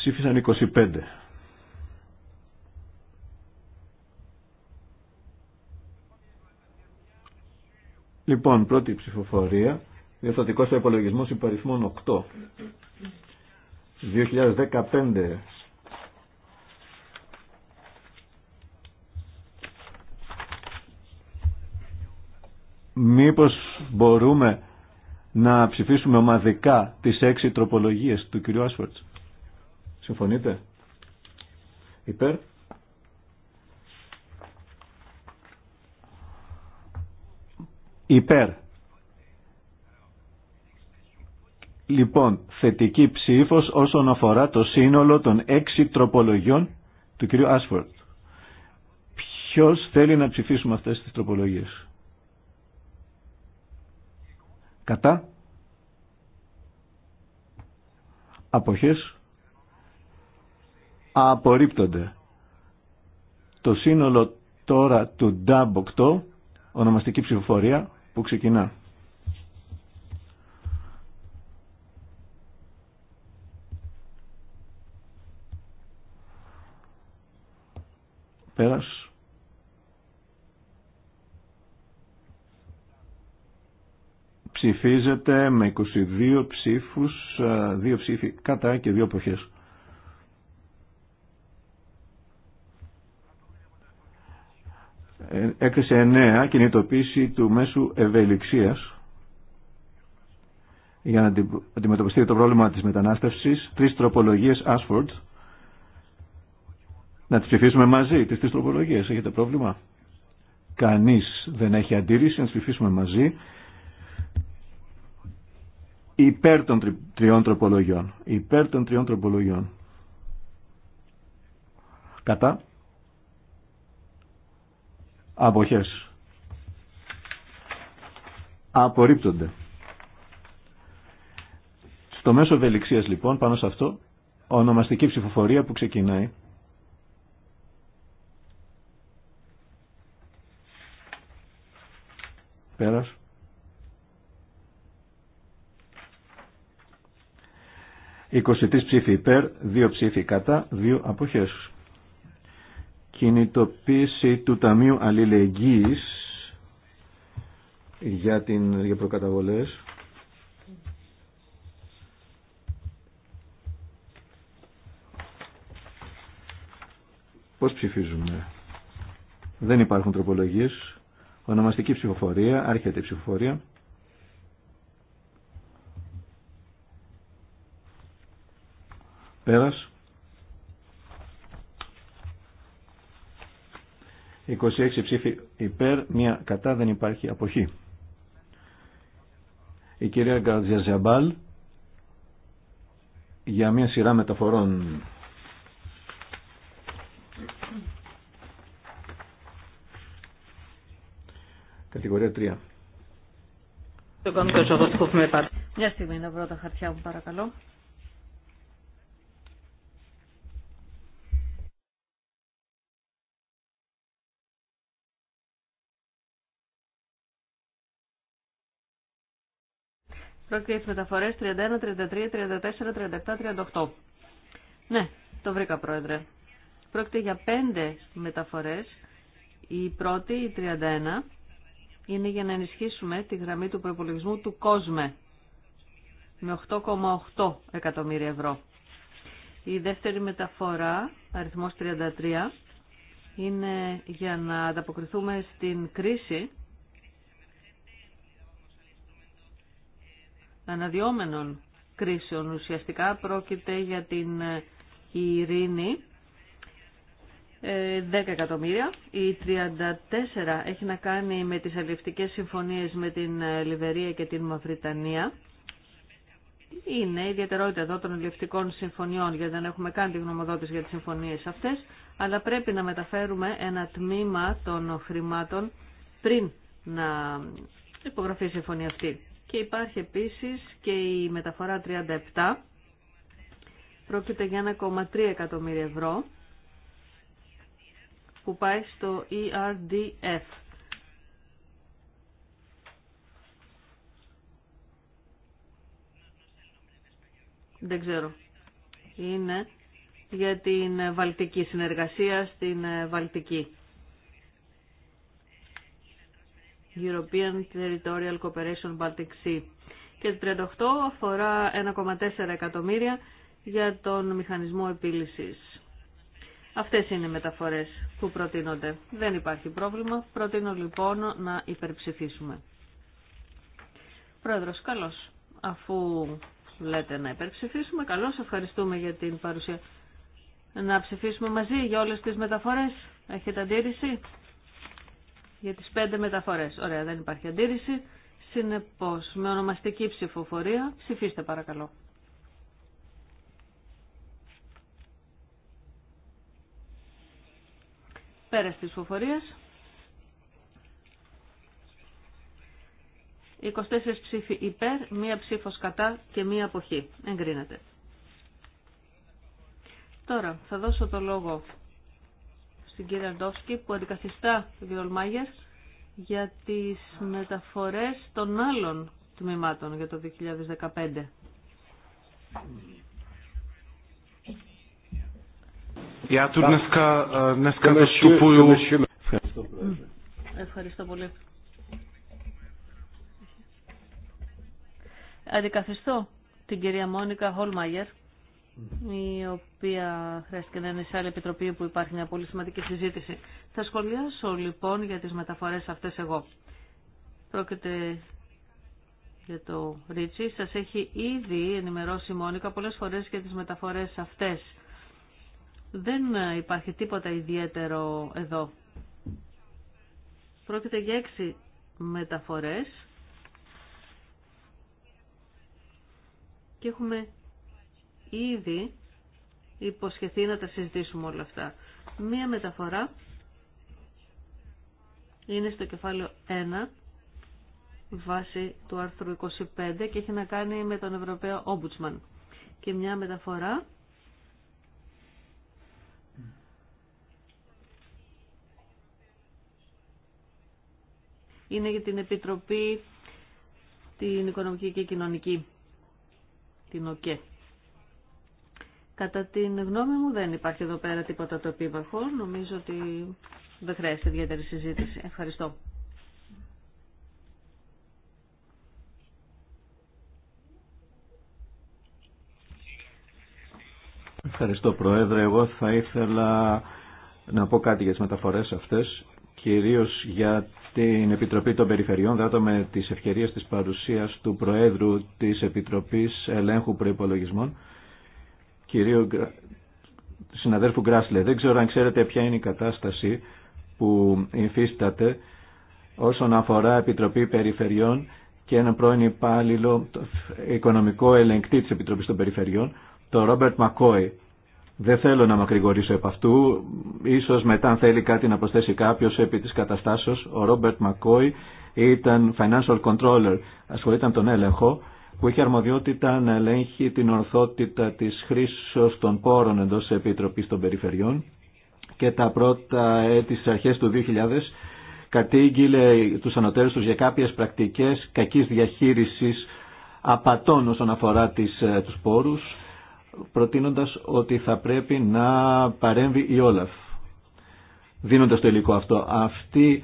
ψήφισαν 25. Λοιπόν, πρώτη ψηφοφορία, Διαστατικός υπολογισμό υπαριθμών 8. 2015. Μήπως μπορούμε να ψηφίσουμε ομαδικά τις έξι τροπολογίες του κ. Άσφορτς. Συμφωνείτε. Υπέρ. Υπέρ. Λοιπόν, θετική ψήφος όσον αφορά το σύνολο των έξι τροπολογιών του κυρίου Άσφορτ. Ποιος θέλει να ψηφίσουμε αυτές τις τροπολογίες. Κατά. Αποχές απορρίπτονται. Το σύνολο τώρα του DAB 8, ονομαστική ψηφοφορία που ξεκινά. Πέρας. Ψηφίζεται με 22 ψήφους, 2 ε, ψήφοι κατά και 2 προχές. έκρισε εννέα κινητοποίηση του μέσου ευελιξίας για να αντιμετωπιστεί το πρόβλημα της μετανάστευσης, τρεις τροπολογίες Ashford. Να τις ψηφίσουμε μαζί, τις τρεις τροπολογίες. Έχετε πρόβλημα. Κανείς δεν έχει αντίρρηση, να τις ψηφίσουμε μαζί. Υπέρ των τριών τροπολογιών. Υπέρ των τριών τροπολογιών. Κατά. Αποχές. Απορρίπτονται. Στο μέσο ευελιξίας λοιπόν, πάνω σε αυτό, ονομαστική ψηφοφορία που ξεκινάει. Πέρας. «23 ψήφοι υπέρ, 2 ψήφοι κατά, 2 αποχές» κινητοποίηση του Ταμείου Αλληλεγγύης για, την, για προκαταβολές. Πώς ψηφίζουμε. Δεν υπάρχουν τροπολογίες. Ονομαστική ψηφοφορία, άρχεται η ψηφοφορία. Πέρας. 26 ψήφοι υπέρ, μία κατά, δεν υπάρχει αποχή. Η κυρία Γκαρδιαζιαμπάλ για μία σειρά μεταφορών. Κατηγορία 3. Μια στιγμή να βρω τα χαρτιά μου παρακαλώ. Πρόκειται για τι μεταφορέ 31, 33, 34, 37, 38. Ναι, το βρήκα, Πρόεδρε. Πρόκειται για πέντε μεταφορέ. Η πρώτη, η 31, είναι για να ενισχύσουμε τη γραμμή του προπολογισμού του κόσμου με 8,8 εκατομμύρια ευρώ. Η δεύτερη μεταφορά, αριθμός 33, είναι για να ανταποκριθούμε στην κρίση αναδιόμενων κρίσεων. Ουσιαστικά πρόκειται για την ε, ειρήνη 10 ε, εκατομμύρια. Η 34 έχει να κάνει με τις αλληλευτικές συμφωνίες με την ε, Λιβερία και την Μαυριτανία. Είναι η ιδιαιτερότητα εδώ των αλληλευτικών συμφωνιών, γιατί δεν έχουμε καν τη γνωμοδότηση για τις συμφωνίες αυτές, αλλά πρέπει να μεταφέρουμε ένα τμήμα των χρημάτων πριν να υπογραφεί η συμφωνία αυτή. Και υπάρχει επίσης και η μεταφορά 37. Πρόκειται για 1,3 εκατομμύρια ευρώ που πάει στο ERDF. Δεν ξέρω. Είναι για την βαλτική συνεργασία στην βαλτική. European Territorial Cooperation Baltic Sea. Και το 38 αφορά 1,4 εκατομμύρια για τον μηχανισμό επίλυσης. Αυτές είναι οι μεταφορές που προτείνονται. Δεν υπάρχει πρόβλημα. Προτείνω λοιπόν να υπερψηφίσουμε. Πρόεδρος, καλώς. Αφού λέτε να υπερψηφίσουμε, καλώς. Ευχαριστούμε για την παρουσία. Να ψηφίσουμε μαζί για όλες τις μεταφορές. Έχετε αντίρρηση για τις πέντε μεταφορές. Ωραία, δεν υπάρχει αντίρρηση. Συνεπώς, με ονομαστική ψηφοφορία, ψηφίστε παρακαλώ. Πέρα της ψηφοφορίες. 24 ψήφοι υπέρ, μία ψήφος κατά και μία αποχή. Εγκρίνεται. Τώρα θα δώσω το λόγο την κυρία Αρντόφσκη που αντικαθιστά τον κύριο Ολμάγερ για τις μεταφορές των άλλων τμήματων για το 2015. Eh, Ευχαριστώ πολύ. Αντικαθιστώ την κυρία Μόνικα Χολμάγερ η οποία χρειάστηκε να είναι σε άλλη επιτροπή που υπάρχει μια πολύ σημαντική συζήτηση. Θα σχολιάσω λοιπόν για τις μεταφορές αυτές εγώ. Πρόκειται για το Ρίτσι. Σας έχει ήδη ενημερώσει η Μόνικα πολλές φορές για τις μεταφορές αυτές. Δεν υπάρχει τίποτα ιδιαίτερο εδώ. Πρόκειται για έξι μεταφορές και έχουμε ήδη υποσχεθεί να τα συζητήσουμε όλα αυτά. Μία μεταφορά είναι στο κεφάλαιο 1 βάση του άρθρου 25 και έχει να κάνει με τον Ευρωπαίο Ομπουτσμαν. Και μια μεταφορά είναι για την Επιτροπή την Οικονομική και Κοινωνική, την ΟΚΕ. Κατά την γνώμη μου δεν υπάρχει εδώ πέρα τίποτα το επίβαχο. Νομίζω ότι δεν χρειάζεται ιδιαίτερη συζήτηση. Ευχαριστώ. Ευχαριστώ Πρόεδρε. Εγώ θα ήθελα να πω κάτι για τις μεταφορές αυτές, κυρίως για την Επιτροπή των Περιφερειών, δράτω με τις ευκαιρίες της παρουσίας του Προέδρου της Επιτροπής Ελέγχου Προϋπολογισμών κυρίου συναδέλφου Γκράσλε. Δεν ξέρω αν ξέρετε ποια είναι η κατάσταση που υφίσταται όσον αφορά Επιτροπή Περιφερειών και έναν πρώην υπάλληλο οικονομικό ελεγκτή της Επιτροπής των Περιφερειών, το Ρόμπερτ Μακόι. Δεν θέλω να μακρηγορήσω επ' αυτού. Ίσως μετά αν θέλει κάτι να προσθέσει κάποιος επί της καταστάσεως. Ο Ρόμπερτ Μακόι ήταν financial controller, ασχολείται τον έλεγχο που έχει αρμοδιότητα να ελέγχει την ορθότητα της χρήσης των πόρων εντός της Επιτροπής των Περιφερειών και τα πρώτα έτη στις αρχές του 2000 κατήγγειλε τους ανωτέρους τους για κάποιες πρακτικές κακής διαχείρισης απατών όσον αφορά τις, ε, τους πόρους προτείνοντας ότι θα πρέπει να παρέμβει η Όλαφ δίνοντας το υλικό αυτό. Αυτή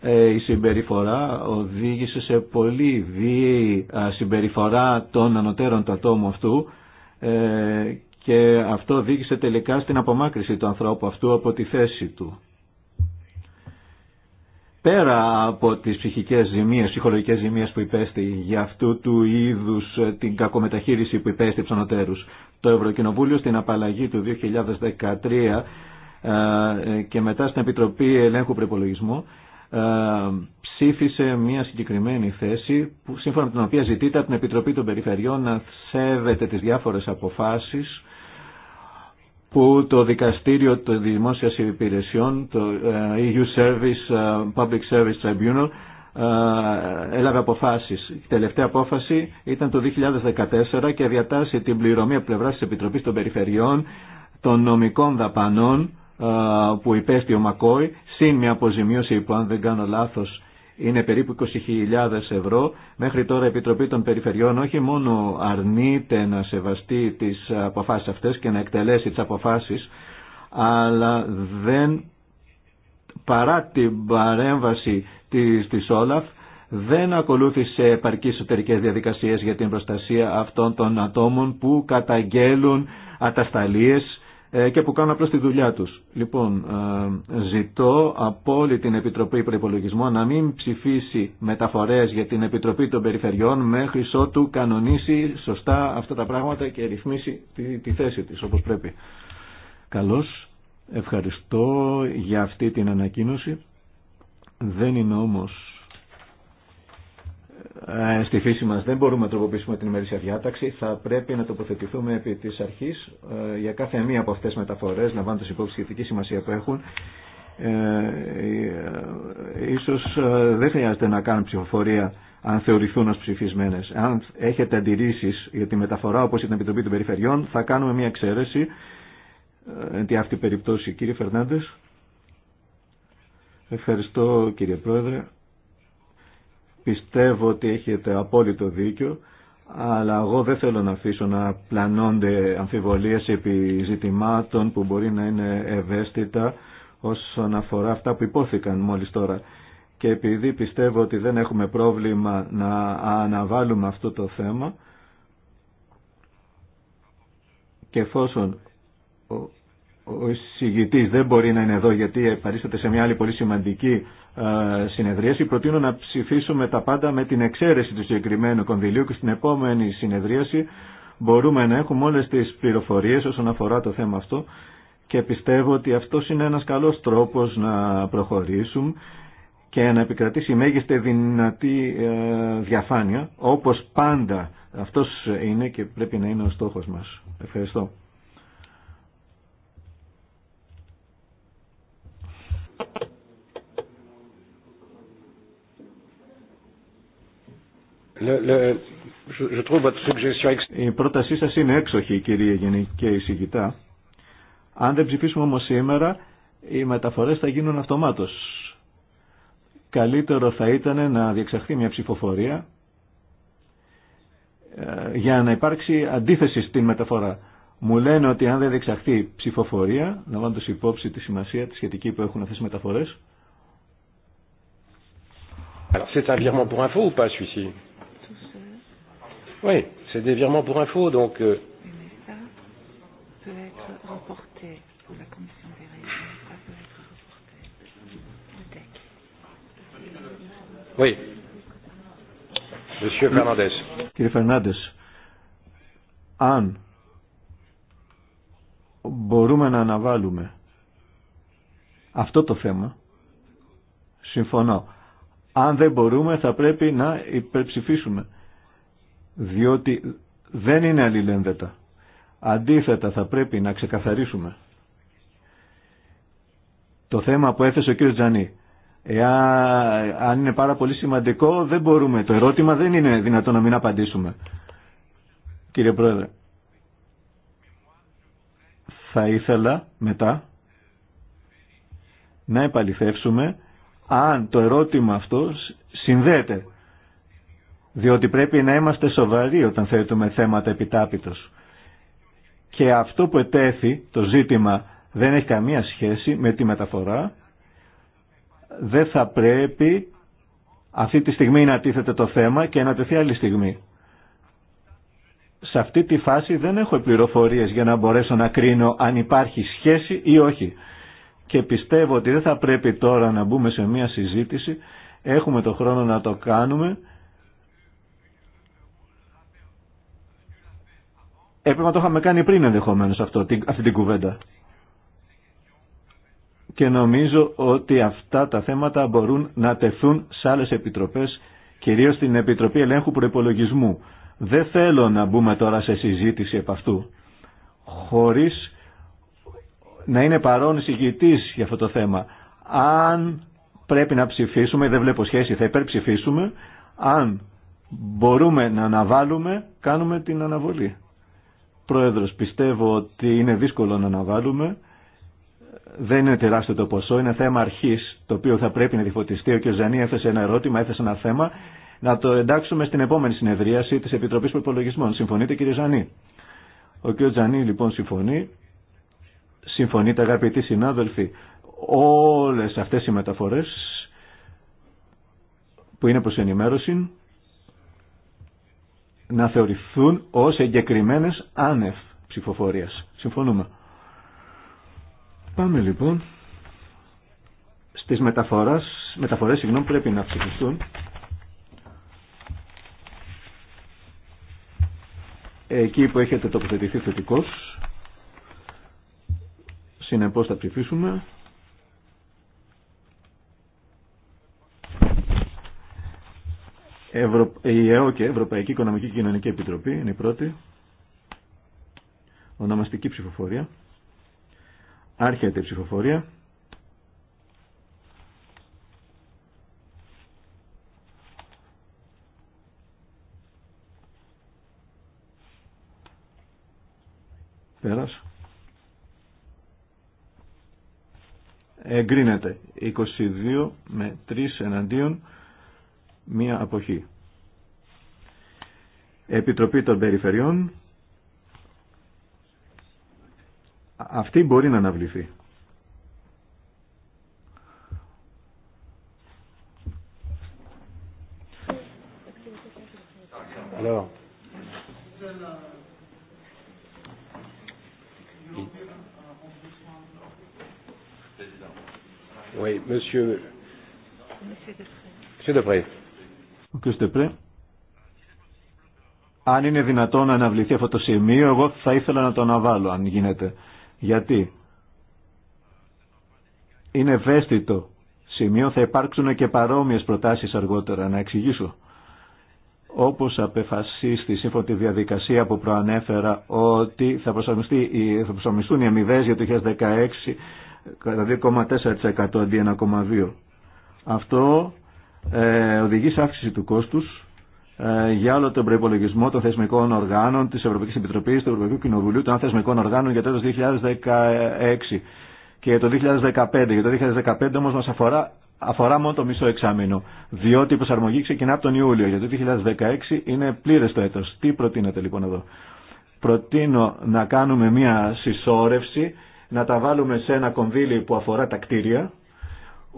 ε, η συμπεριφορά οδήγησε σε πολύ βίαιη συμπεριφορά των ανωτέρων του ατόμου αυτού ε, και αυτό οδήγησε τελικά στην απομάκρυση του ανθρώπου αυτού από τη θέση του. Πέρα από τις ψυχικές ζημίες, ψυχολογικές ζημίες που υπέστη για αυτού του είδους ε, την κακομεταχείριση που υπέστη ψανοτέρους, το Ευρωκοινοβούλιο στην απαλλαγή του 2013 και μετά στην Επιτροπή Ελέγχου Προπολογισμού ε, ψήφισε μια συγκεκριμένη θέση που, σύμφωνα με την οποία ζητείται από την Επιτροπή των Περιφερειών να σέβεται τις διάφορες αποφάσεις που το Δικαστήριο των Δημόσιας Υπηρεσιών, το ε, EU Service, ε, Public Service Tribunal, έλαβε αποφάσεις. Η τελευταία απόφαση ήταν το 2014 και διατάσσει την πληρωμή πλευράς της Επιτροπής των Περιφερειών των νομικών δαπανών που υπέστη ο Μακόη, συν μια αποζημίωση που αν δεν κάνω λάθος είναι περίπου 20.000 ευρώ. Μέχρι τώρα η Επιτροπή των Περιφερειών όχι μόνο αρνείται να σεβαστεί τις αποφάσεις αυτές και να εκτελέσει τις αποφάσεις, αλλά δεν παρά την παρέμβαση της, της Όλαφ δεν ακολούθησε επαρκείς εσωτερικές διαδικασίες για την προστασία αυτών των ατόμων που καταγγέλουν ατασταλίες ε, και που κάνουν απλώς τη δουλειά τους. Λοιπόν, ε, ζητώ από όλη την Επιτροπή Προπολογισμού να μην ψηφίσει μεταφορές για την Επιτροπή των Περιφερειών μέχρι ότου κανονίσει σωστά αυτά τα πράγματα και ρυθμίσει τη, τη θέση της όπως πρέπει. Καλώς, ευχαριστώ για αυτή την ανακοίνωση. Δεν είναι όμως ε, στη φύση μας δεν μπορούμε να τροποποιήσουμε την ημερήσια διάταξη. Θα πρέπει να τοποθετηθούμε επί της αρχής ε, για κάθε μία από αυτές τις μεταφορές, λαμβάνοντας υπόψη σχετική σημασία που έχουν. Ε, ε ίσως δεν χρειάζεται να κάνουν ψηφοφορία αν θεωρηθούν ως ψηφισμένες. Αν έχετε αντιρρήσεις για τη μεταφορά όπως η την Επιτροπή των Περιφερειών θα κάνουμε μια εξαίρεση. εν τη αυτή περιπτώσει. κύριε Φερνάντες. Ευχαριστώ κύριε Πρόεδρε. Πιστεύω ότι έχετε απόλυτο δίκιο, αλλά εγώ δεν θέλω να αφήσω να πλανώνται αμφιβολίες επί ζητημάτων που μπορεί να είναι ευαίσθητα όσον αφορά αυτά που υπόθηκαν μόλις τώρα. Και επειδή πιστεύω ότι δεν έχουμε πρόβλημα να αναβάλουμε αυτό το θέμα και εφόσον ο Σιγητή δεν μπορεί να είναι εδώ γιατί παρίσταται σε μια άλλη πολύ σημαντική ε, συνεδρίαση. Προτείνω να ψηφίσουμε τα πάντα με την εξαίρεση του συγκεκριμένου κονδυλίου και στην επόμενη συνεδρίαση μπορούμε να έχουμε όλε τι πληροφορίε όσον αφορά το θέμα αυτό και πιστεύω ότι αυτό είναι ένα καλό τρόπο να προχωρήσουμε και να επικρατήσει η μέγιστη δυνατή ε, διαφάνεια όπω πάντα αυτός είναι και πρέπει να είναι ο στόχος μας. Ευχαριστώ. Η πρότασή σας είναι έξοχη, κύριε Γενική Εισηγητά. Αν δεν ψηφίσουμε όμως σήμερα, οι μεταφορές θα γίνουν αυτομάτως. Καλύτερο θα ήταν να διεξαχθεί μια ψηφοφορία ε, για να υπάρξει αντίθεση στην μεταφορά. Μου λένε ότι αν δεν διεξαχθεί ψηφοφορία, λαμβάνοντας υπόψη τη σημασία τη σχετική που έχουν αυτές οι μεταφορές, Alors, c'est un virement pour info ou pas ci Oui, c'est des virements pour info, donc. Euh... ça peut être reporté pour la commission des règles. Ça peut être reporté. Oui. Monsieur Fernandez. Monsieur Fernandez. αν μπορούμε να αναβάλουμε αυτό το θέμα, συμφωνώ. Αν δεν μπορούμε θα πρέπει να υπερψηφίσουμε διότι δεν είναι αλληλένδετα. Αντίθετα θα πρέπει να ξεκαθαρίσουμε το θέμα που έθεσε ο κ. Τζανί. αν είναι πάρα πολύ σημαντικό δεν μπορούμε. Το ερώτημα δεν είναι δυνατό να μην απαντήσουμε. Κύριε Πρόεδρε, θα ήθελα μετά να επαληθεύσουμε αν το ερώτημα αυτό συνδέεται διότι πρέπει να είμαστε σοβαροί όταν θέτουμε θέματα επιτάπητος. Και αυτό που ετέθη, το ζήτημα, δεν έχει καμία σχέση με τη μεταφορά, δεν θα πρέπει αυτή τη στιγμή να τίθεται το θέμα και να τεθεί άλλη στιγμή. Σε αυτή τη φάση δεν έχω πληροφορίες για να μπορέσω να κρίνω αν υπάρχει σχέση ή όχι. Και πιστεύω ότι δεν θα πρέπει τώρα να μπούμε σε μια συζήτηση, έχουμε το χρόνο να το κάνουμε Ε, Έπρεπε να το είχαμε κάνει πριν ενδεχομένω αυτή την κουβέντα. Και νομίζω ότι αυτά τα θέματα μπορούν να τεθούν σε άλλε επιτροπέ, κυρίω στην Επιτροπή Ελέγχου Προπολογισμού. Δεν θέλω να μπούμε τώρα σε συζήτηση επ' αυτού, χωρί να είναι παρόν εισηγητή για αυτό το θέμα. Αν πρέπει να ψηφίσουμε, δεν βλέπω σχέση, θα υπερψηφίσουμε. Αν μπορούμε να αναβάλουμε, κάνουμε την αναβολή. Πρόεδρος, πιστεύω ότι είναι δύσκολο να αναβάλουμε. Δεν είναι τεράστιο το ποσό, είναι θέμα αρχής, το οποίο θα πρέπει να διφωτιστεί. Ο κ. Ζανή έθεσε ένα ερώτημα, έθεσε ένα θέμα. Να το εντάξουμε στην επόμενη συνεδρίαση της Επιτροπής Προπολογισμών. Συμφωνείτε κ. Ζανή. Ο κ. Ζανή λοιπόν συμφωνεί. Συμφωνείτε αγαπητοί συνάδελφοι. Όλες αυτές οι μεταφορές που είναι προς ενημέρωση να θεωρηθούν ως εγκεκριμένε άνευ ψηφοφορίας. Συμφωνούμε. Πάμε λοιπόν στις μεταφοράς, μεταφορές συγγνώμη, πρέπει να ψηφιστούν. Εκεί που έχετε τοποθετηθεί θετικός, συνεπώς θα ψηφίσουμε. η Ευρωπαϊκή Οικονομική και Κοινωνική Επιτροπή είναι η πρώτη. Ονομαστική ψηφοφορία. Άρχεται η ψηφοφορία. Πέρας. Εγκρίνεται 22 με 3 εναντίον μία αποχή. Επιτροπή των Περιφερειών αυτή μπορεί να αναβληθεί. Alors, oui, monsieur, monsieur Depré. Ο κ. Στεπρέ, αν είναι δυνατόν να αναβληθεί αυτό το σημείο, εγώ θα ήθελα να το αναβάλω, αν γίνεται. Γιατί είναι ευαίσθητο σημείο, θα υπάρξουν και παρόμοιες προτάσεις αργότερα. Να εξηγήσω. Όπως απεφασίστη σύμφωνα τη διαδικασία που προανέφερα ότι θα, θα προσαρμιστούν οι αμοιβέ για το 2016 κατά 2,4% αντί 1,2%. Αυτό ε, οδηγεί σε αύξηση του κόστου ε, για όλο τον προπολογισμό των θεσμικών οργάνων τη Ευρωπαϊκή Επιτροπή, του Ευρωπαϊκού Κοινοβουλίου, των θεσμικών οργάνων για το 2016 και το 2015. Για το 2015 όμω μα αφορά, αφορά μόνο το μισό εξάμεινο, διότι η προσαρμογή ξεκινά από τον Ιούλιο. Για το 2016 είναι πλήρες το έτος. Τι προτείνετε λοιπόν εδώ. Προτείνω να κάνουμε μια συσσόρευση, να τα βάλουμε σε ένα κονδύλι που αφορά τα κτίρια,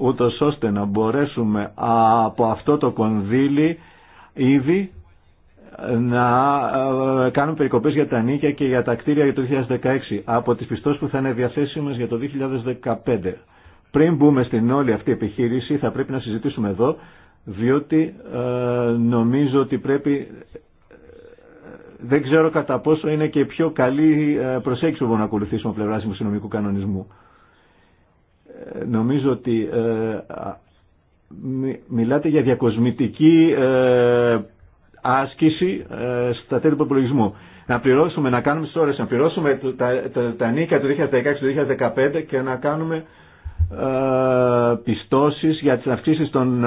ούτω ώστε να μπορέσουμε από αυτό το κονδύλι ήδη ε, να ε, κάνουμε περικοπές για τα νίκια και για τα κτίρια για το 2016 από τις πιστώσεις που θα είναι διαθέσιμες για το 2015. Πριν μπούμε στην όλη αυτή επιχείρηση θα πρέπει να συζητήσουμε εδώ διότι ε, νομίζω ότι πρέπει δεν ξέρω κατά πόσο είναι και πιο καλή προσέγγιση που μπορούμε να ακολουθήσουμε πλευρά δημοσιονομικού κανονισμού νομίζω ότι ε, μιλάτε για διακοσμητική ε, άσκηση ε, στα τέλη του Να πληρώσουμε, να κάνουμε τις ώρες, να πληρώσουμε τα νίκια του 2016-2015 και να κάνουμε πιστώσεις για τις αυξήσεις των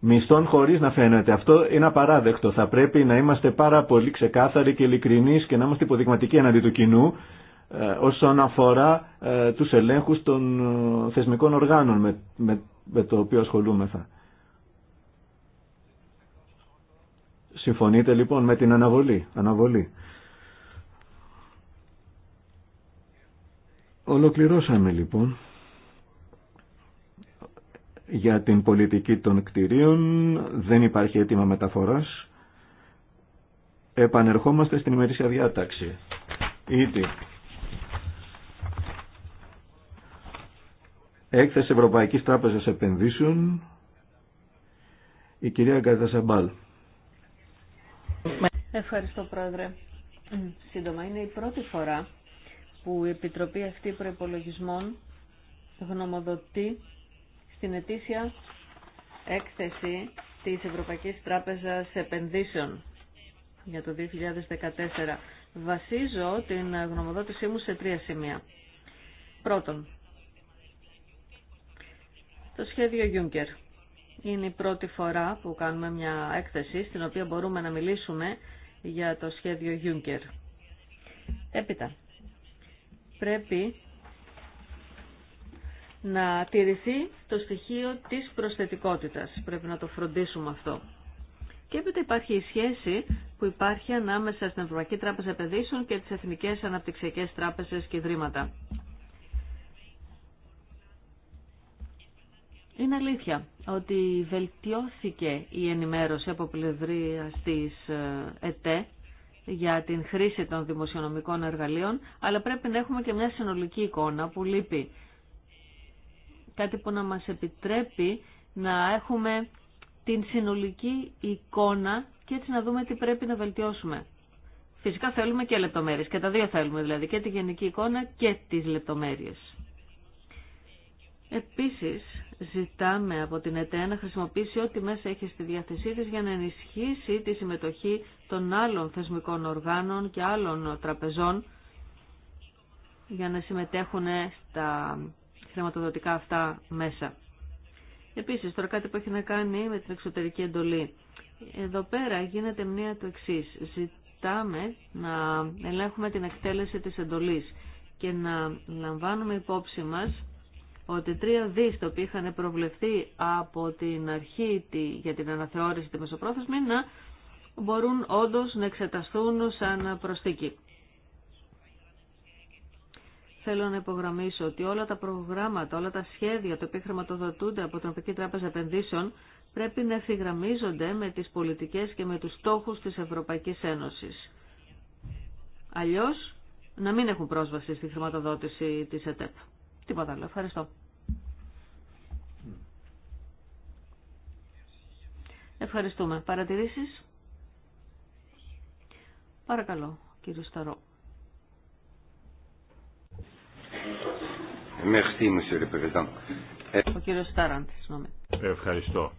μισθών χωρίς να φαίνεται. Αυτό είναι απαράδεκτο. Θα πρέπει να είμαστε πάρα πολύ ξεκάθαροι και ειλικρινείς και να είμαστε υποδειγματικοί εναντί του κοινού ε, όσον αφορά ε, τους ελέγχους των ε, θεσμικών οργάνων με, με, το οποίο ασχολούμεθα. Συμφωνείτε λοιπόν με την αναβολή. αναβολή. Ολοκληρώσαμε λοιπόν για την πολιτική των κτηρίων. Δεν υπάρχει αίτημα μεταφοράς. Επανερχόμαστε στην ημερήσια διάταξη. Ήτι. Έκθεση Ευρωπαϊκής Τράπεζας Επενδύσεων, η κυρία Γκαρδασαμπάλ. Ευχαριστώ Πρόεδρε. Σύντομα, είναι η πρώτη φορά που η Επιτροπή αυτή προπολογισμών γνωμοδοτεί στην ετήσια έκθεση της Ευρωπαϊκής Τράπεζας Επενδύσεων για το 2014. Βασίζω την γνωμοδότησή μου σε τρία σημεία. Πρώτον, το σχέδιο Juncker είναι η πρώτη φορά που κάνουμε μια έκθεση στην οποία μπορούμε να μιλήσουμε για το σχέδιο Juncker. Έπειτα, πρέπει να τηρηθεί το στοιχείο της προσθετικότητας. Πρέπει να το φροντίσουμε αυτό. Και έπειτα υπάρχει η σχέση που υπάρχει ανάμεσα στην Ευρωπαϊκή Τράπεζα Επενδύσεων και τις Εθνικές Αναπτυξιακές Τράπεζες και Ιδρύματα. Είναι αλήθεια ότι βελτιώθηκε η ενημέρωση από πλευρία της ε, ΕΤΕ για την χρήση των δημοσιονομικών εργαλείων, αλλά πρέπει να έχουμε και μια συνολική εικόνα που λείπει. Κάτι που να μας επιτρέπει να έχουμε την συνολική εικόνα και έτσι να δούμε τι πρέπει να βελτιώσουμε. Φυσικά θέλουμε και λεπτομέρειες, και τα δύο θέλουμε δηλαδή, και τη γενική εικόνα και τις λεπτομέρειες. Επίσης, ζητάμε από την ΕΤΕ να χρησιμοποιήσει ό,τι μέσα έχει στη διάθεσή της για να ενισχύσει τη συμμετοχή των άλλων θεσμικών οργάνων και άλλων τραπεζών για να συμμετέχουν στα χρηματοδοτικά αυτά μέσα. Επίσης, τώρα κάτι που έχει να κάνει με την εξωτερική εντολή. Εδώ πέρα γίνεται μία το εξή. Ζητάμε να ελέγχουμε την εκτέλεση της εντολής και να λαμβάνουμε υπόψη μας ότι τρία δις είχαν προβλεφθεί από την αρχή για την αναθεώρηση τη μεσοπρόθεσμη να μπορούν όντως να εξεταστούν σαν προσθήκη. Θέλω να υπογραμμίσω ότι όλα τα προγράμματα, όλα τα σχέδια τα οποία χρηματοδοτούνται από την Ευρωπαϊκή Τράπεζα Επενδύσεων πρέπει να ευθυγραμμίζονται με τις πολιτικές και με τους στόχους της Ευρωπαϊκής Ένωσης. Αλλιώς να μην έχουν πρόσβαση στη χρηματοδότηση της ΕΤΕΠ. Τίποτα άλλο. Ευχαριστώ. Ευχαριστούμε. Παρατηρήσεις. Παρακαλώ, κύριο Σταρό. Ε, Ο κύριο συγγνώμη. Ευχαριστώ,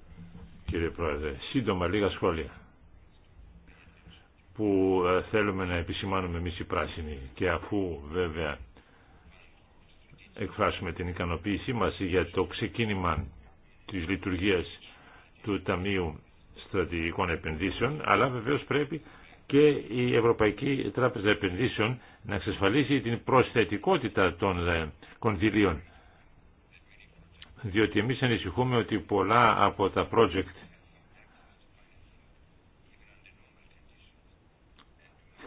κύριε Πρόεδρε. Σύντομα, λίγα σχόλια που ε, θέλουμε να επισημάνουμε εμεί οι πράσινοι και αφού βέβαια εκφράσουμε την ικανοποίησή μας για το ξεκίνημα της λειτουργίας του Ταμείου Στρατηγικών Επενδύσεων, αλλά βεβαίως πρέπει και η Ευρωπαϊκή Τράπεζα Επενδύσεων να εξασφαλίσει την προσθετικότητα των ε, κονδυλίων. Διότι εμείς ανησυχούμε ότι πολλά από τα project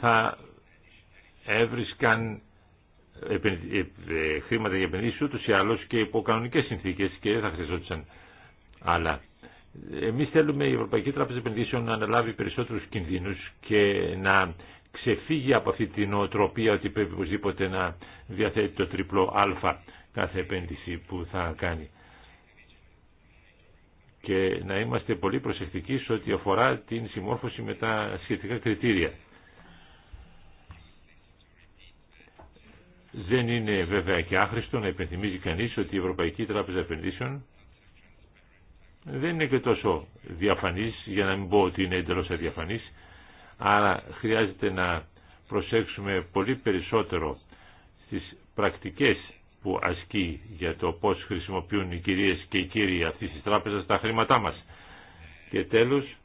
θα έβρισκαν ε, ε, χρήματα για επενδύσεις ούτως ή άλλως και υπό κανονικές συνθήκες και δεν θα χρειαζόντουσαν άλλα. Εμείς θέλουμε η Ευρωπαϊκή Τράπεζα Επενδύσεων να αναλάβει περισσότερους κινδύνους και να ξεφύγει από αυτή την οτροπία ότι πρέπει οπωσδήποτε να διαθέτει το τριπλό α κάθε επένδυση που θα κάνει. Και να είμαστε πολύ προσεκτικοί σε ό,τι αφορά την συμμόρφωση με τα σχετικά κριτήρια. Δεν είναι βέβαια και άχρηστο να υπενθυμίζει κανείς ότι η Ευρωπαϊκή Τράπεζα Επενδύσεων δεν είναι και τόσο διαφανής, για να μην πω ότι είναι εντελώς αδιαφανής, άρα χρειάζεται να προσέξουμε πολύ περισσότερο στις πρακτικές που ασκεί για το πώς χρησιμοποιούν οι κυρίες και οι κύριοι αυτής της τράπεζας τα χρήματά μας. Και τέλος,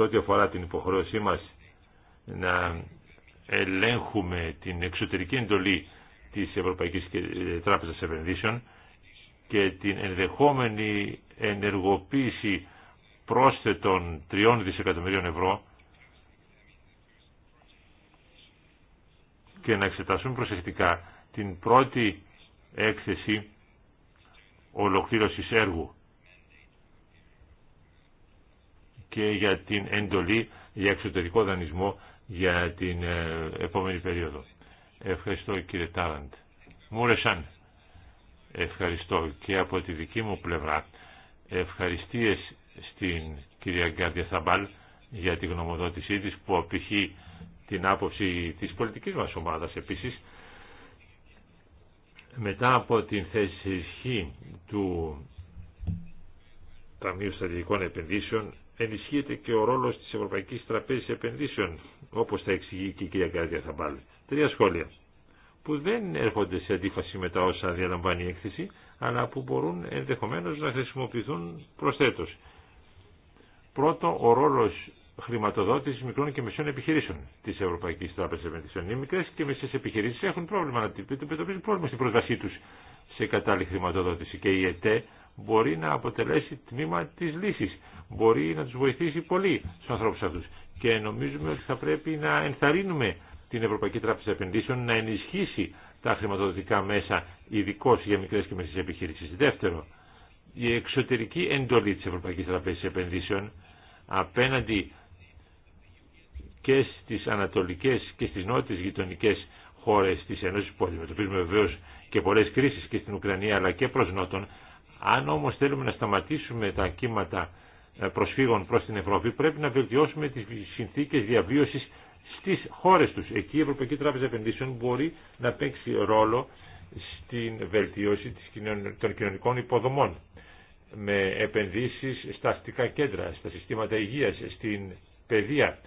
σε ό,τι αφορά την υποχρέωσή μας να ελέγχουμε την εξωτερική εντολή της Ευρωπαϊκής ε, Τράπεζας Επενδύσεων και την ενδεχόμενη ενεργοποίηση πρόσθετων 3 δισεκατομμυρίων ευρώ και να εξετάσουμε προσεκτικά την πρώτη έκθεση ολοκλήρωσης έργου και για την εντολή για εξωτερικό δανεισμό για την ε, επόμενη περίοδο. Ευχαριστώ κύριε Τάραντ. Μούρεσαν. Ευχαριστώ και από τη δική μου πλευρά. Ευχαριστίες στην κυρία Γκάρδια Θαμπάλ για τη γνωμοδότησή της που απηχεί την άποψη της πολιτικής μας ομάδας επίσης. Μετά από την θέση ισχύ του Ταμείου Στρατηγικών Επενδύσεων ενισχύεται και ο ρόλος της Ευρωπαϊκής Τραπέζης Επενδύσεων, όπως θα εξηγεί και η κυρία Κάρδια Θαμπάλ. Τρία σχόλια που δεν έρχονται σε αντίφαση με τα όσα διαλαμβάνει η έκθεση, αλλά που μπορούν ενδεχομένως να χρησιμοποιηθούν προσθέτως. Πρώτο, ο ρόλος χρηματοδότησης μικρών και μεσών επιχειρήσεων της Ευρωπαϊκής Τράπεζας Επενδύσεων. Οι μικρές και μεσές επιχειρήσεις έχουν πρόβλημα να αντιμετωπίζουν πρόβλημα στην πρόσβασή τους σε κατάλληλη χρηματοδότηση και η ΕΤΕ μπορεί να αποτελέσει τμήμα της λύσης. Μπορεί να τους βοηθήσει πολύ στους ανθρώπους αυτούς. Και νομίζουμε ότι θα πρέπει να ενθαρρύνουμε την Ευρωπαϊκή Τράπεζα Επενδύσεων να ενισχύσει τα χρηματοδοτικά μέσα, ειδικώ για μικρές και μεσές επιχειρήσεις. Δεύτερο, η εξωτερική εντολή της Ευρωπαϊκής Τραπέζης Επενδύσεων απέναντι και στις ανατολικές και στις νότιες γειτονικές χώρες της Ένωσης που αντιμετωπίζουμε βεβαίω και πολλές κρίσεις και στην Ουκρανία αλλά και προς Νότον αν όμως θέλουμε να σταματήσουμε τα κύματα ε, προσφύγων προς την Ευρώπη, πρέπει να βελτιώσουμε τις συνθήκες διαβίωσης στις χώρες τους. Εκεί η Ευρωπαϊκή Τράπεζα Επενδύσεων μπορεί να παίξει ρόλο στην βελτίωση των κοινωνικών υποδομών με επενδύσεις στα αστικά κέντρα, στα συστήματα υγείας, στην παιδεία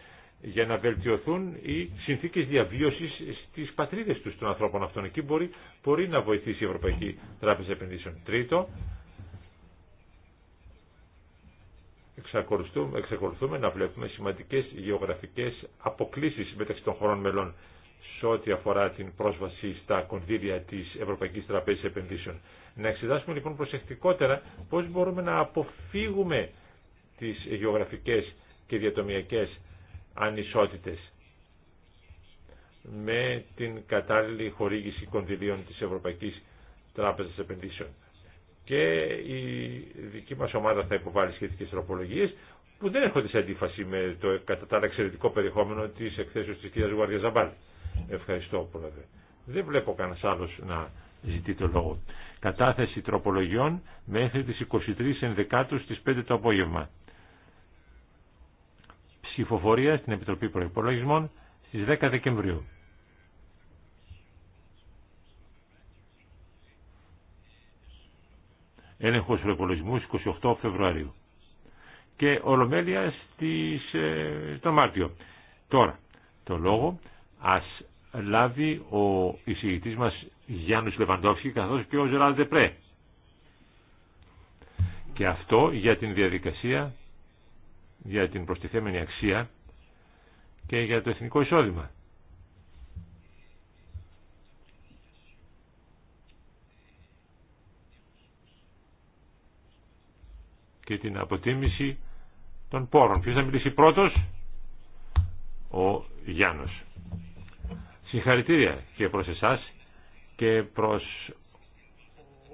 για να βελτιωθούν οι συνθήκες διαβίωσης στις πατρίδες τους των ανθρώπων αυτών. Εκεί μπορεί, μπορεί να βοηθήσει η Ευρωπαϊκή Τράπεζα Επενδύσεων. Τρίτο, εξακολουθούμε, να βλέπουμε σημαντικές γεωγραφικές αποκλίσεις μεταξύ των χωρών μελών σε ό,τι αφορά την πρόσβαση στα κονδύλια της Ευρωπαϊκής Τραπέζης Επενδύσεων. Να εξετάσουμε λοιπόν προσεκτικότερα πώς μπορούμε να αποφύγουμε τις γεωγραφικές και διατομιακές ανισότητες με την κατάλληλη χορήγηση κονδυλίων της Ευρωπαϊκής Τράπεζας Επενδύσεων και η δική μας ομάδα θα υποβάλει σχετικές τροπολογίες που δεν έχω σε αντίφαση με το κατά τα εξαιρετικό περιεχόμενο της εκθέσεως της κυρίας Γουάρια Ζαμπάλ. Ευχαριστώ πρόεδρε. Δεν βλέπω κανένα άλλος να ζητεί το λόγο. Κατάθεση τροπολογιών μέχρι τις 23 ενδεκάτου στις 5 το απόγευμα. Ψηφοφορία στην Επιτροπή Προϋπολογισμών στις 10 Δεκεμβρίου. έλεγχος προπολογισμού 28 Φεβρουαρίου και ολομέλεια στις, ε, το Μάρτιο. Τώρα, το λόγο ας λάβει ο εισηγητής μας Γιάννης Λεβαντόφσκι καθώς και ο Ζεράλ Δεπρέ. Και αυτό για την διαδικασία, για την προστιθέμενη αξία και για το εθνικό εισόδημα. και την αποτίμηση των πόρων. Ποιος θα μιλήσει πρώτος? Ο Γιάννος. Συγχαρητήρια και προς εσάς και προς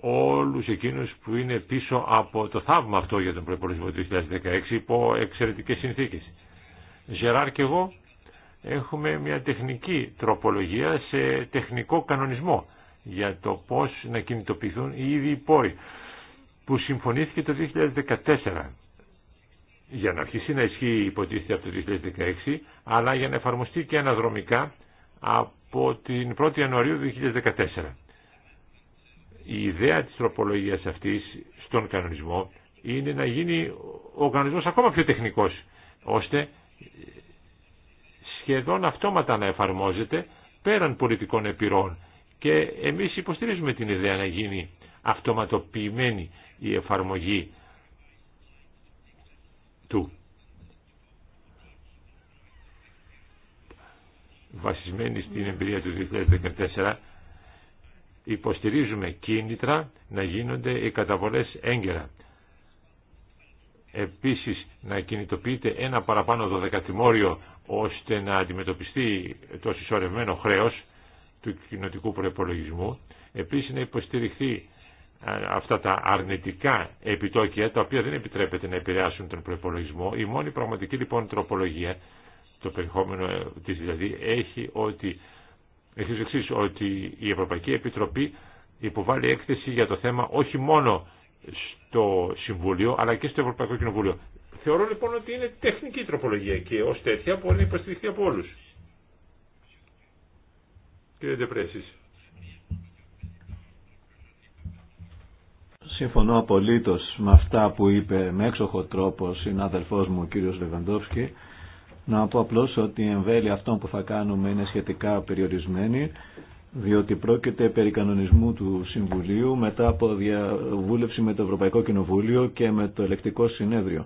όλους εκείνους που είναι πίσω από το θαύμα αυτό για τον προπολογισμό του 2016 υπό εξαιρετικές συνθήκες. Γεράρ και εγώ έχουμε μια τεχνική τροπολογία σε τεχνικό κανονισμό για το πώς να κινητοποιηθούν οι ίδιοι πόροι που συμφωνήθηκε το 2014 για να αρχίσει να ισχύει υποτίθεται από το 2016 αλλά για να εφαρμοστεί και αναδρομικά από την 1η Ιανουαρίου 2014. Η ιδέα της τροπολογίας αυτής στον κανονισμό είναι να γίνει ο κανονισμός ακόμα πιο τεχνικός ώστε σχεδόν αυτόματα να εφαρμόζεται πέραν πολιτικών επιρροών και εμείς υποστηρίζουμε την ιδέα να γίνει αυτοματοποιημένη η εφαρμογή του. Βασισμένη στην εμπειρία του 2014, υποστηρίζουμε κίνητρα να γίνονται οι καταβολές έγκαιρα. Επίσης να κινητοποιείται ένα παραπάνω δωδεκατημόριο ώστε να αντιμετωπιστεί το συσσωρευμένο χρέος του κοινοτικού προπολογισμού. Επίσης να υποστηριχθεί αυτά τα αρνητικά επιτόκια τα οποία δεν επιτρέπεται να επηρεάσουν τον προπολογισμό. Η μόνη πραγματική λοιπόν τροπολογία, το περιεχόμενο ε, της δηλαδή, έχει ότι έχει εξής, ότι η Ευρωπαϊκή Επιτροπή υποβάλλει έκθεση για το θέμα όχι μόνο στο Συμβούλιο αλλά και στο Ευρωπαϊκό Κοινοβούλιο. Θεωρώ λοιπόν ότι είναι τεχνική τροπολογία και ως τέτοια μπορεί να υποστηριχθεί από όλους. Κύριε Ντεπρέσης. Συμφωνώ απολύτως με αυτά που είπε με έξοχο τρόπο συνάδελφός μου ο κύριος Λεβαντόφσκι. Να πω απλώς ότι η εμβέλεια αυτών που θα κάνουμε είναι σχετικά περιορισμένη διότι πρόκειται περί κανονισμού του Συμβουλίου μετά από διαβούλευση με το Ευρωπαϊκό Κοινοβούλιο και με το Ελεκτικό Συνέδριο.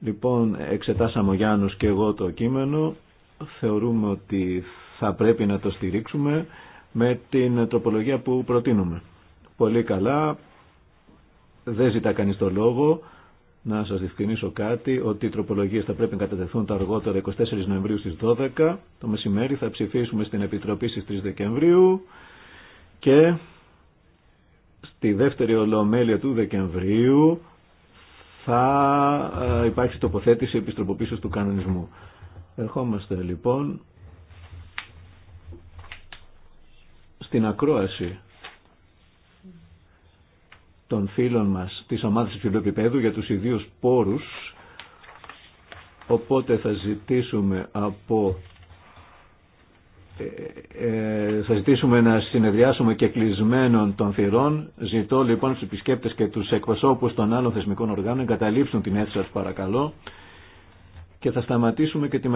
Λοιπόν, εξετάσαμε ο Γιάννους και εγώ το κείμενο. Θεωρούμε ότι θα πρέπει να το στηρίξουμε με την τροπολογία που προτείνουμε. Πολύ καλά, δεν ζητά κανείς το λόγο. Να σας διευκρινίσω κάτι, ότι οι τροπολογίε θα πρέπει να κατατεθούν τα αργότερα 24 Νοεμβρίου στι 12 το μεσημέρι. Θα ψηφίσουμε στην Επιτροπή στις 3 Δεκεμβρίου και στη δεύτερη ολομέλεια του Δεκεμβρίου θα ε, υπάρξει τοποθέτηση επιστροποποίησης του κανονισμού. Ερχόμαστε λοιπόν στην ακρόαση των φίλων μας της ομάδας υψηλού επίπεδου για τους ιδίους πόρους οπότε θα ζητήσουμε από ε, ε, θα ζητήσουμε να συνεδριάσουμε και κλεισμένων των θυρών. Ζητώ λοιπόν στους επισκέπτες και τους εκπροσώπους των άλλων θεσμικών οργάνων εγκαταλείψουν την αίθουσα σας παρακαλώ και θα σταματήσουμε και τη μετα...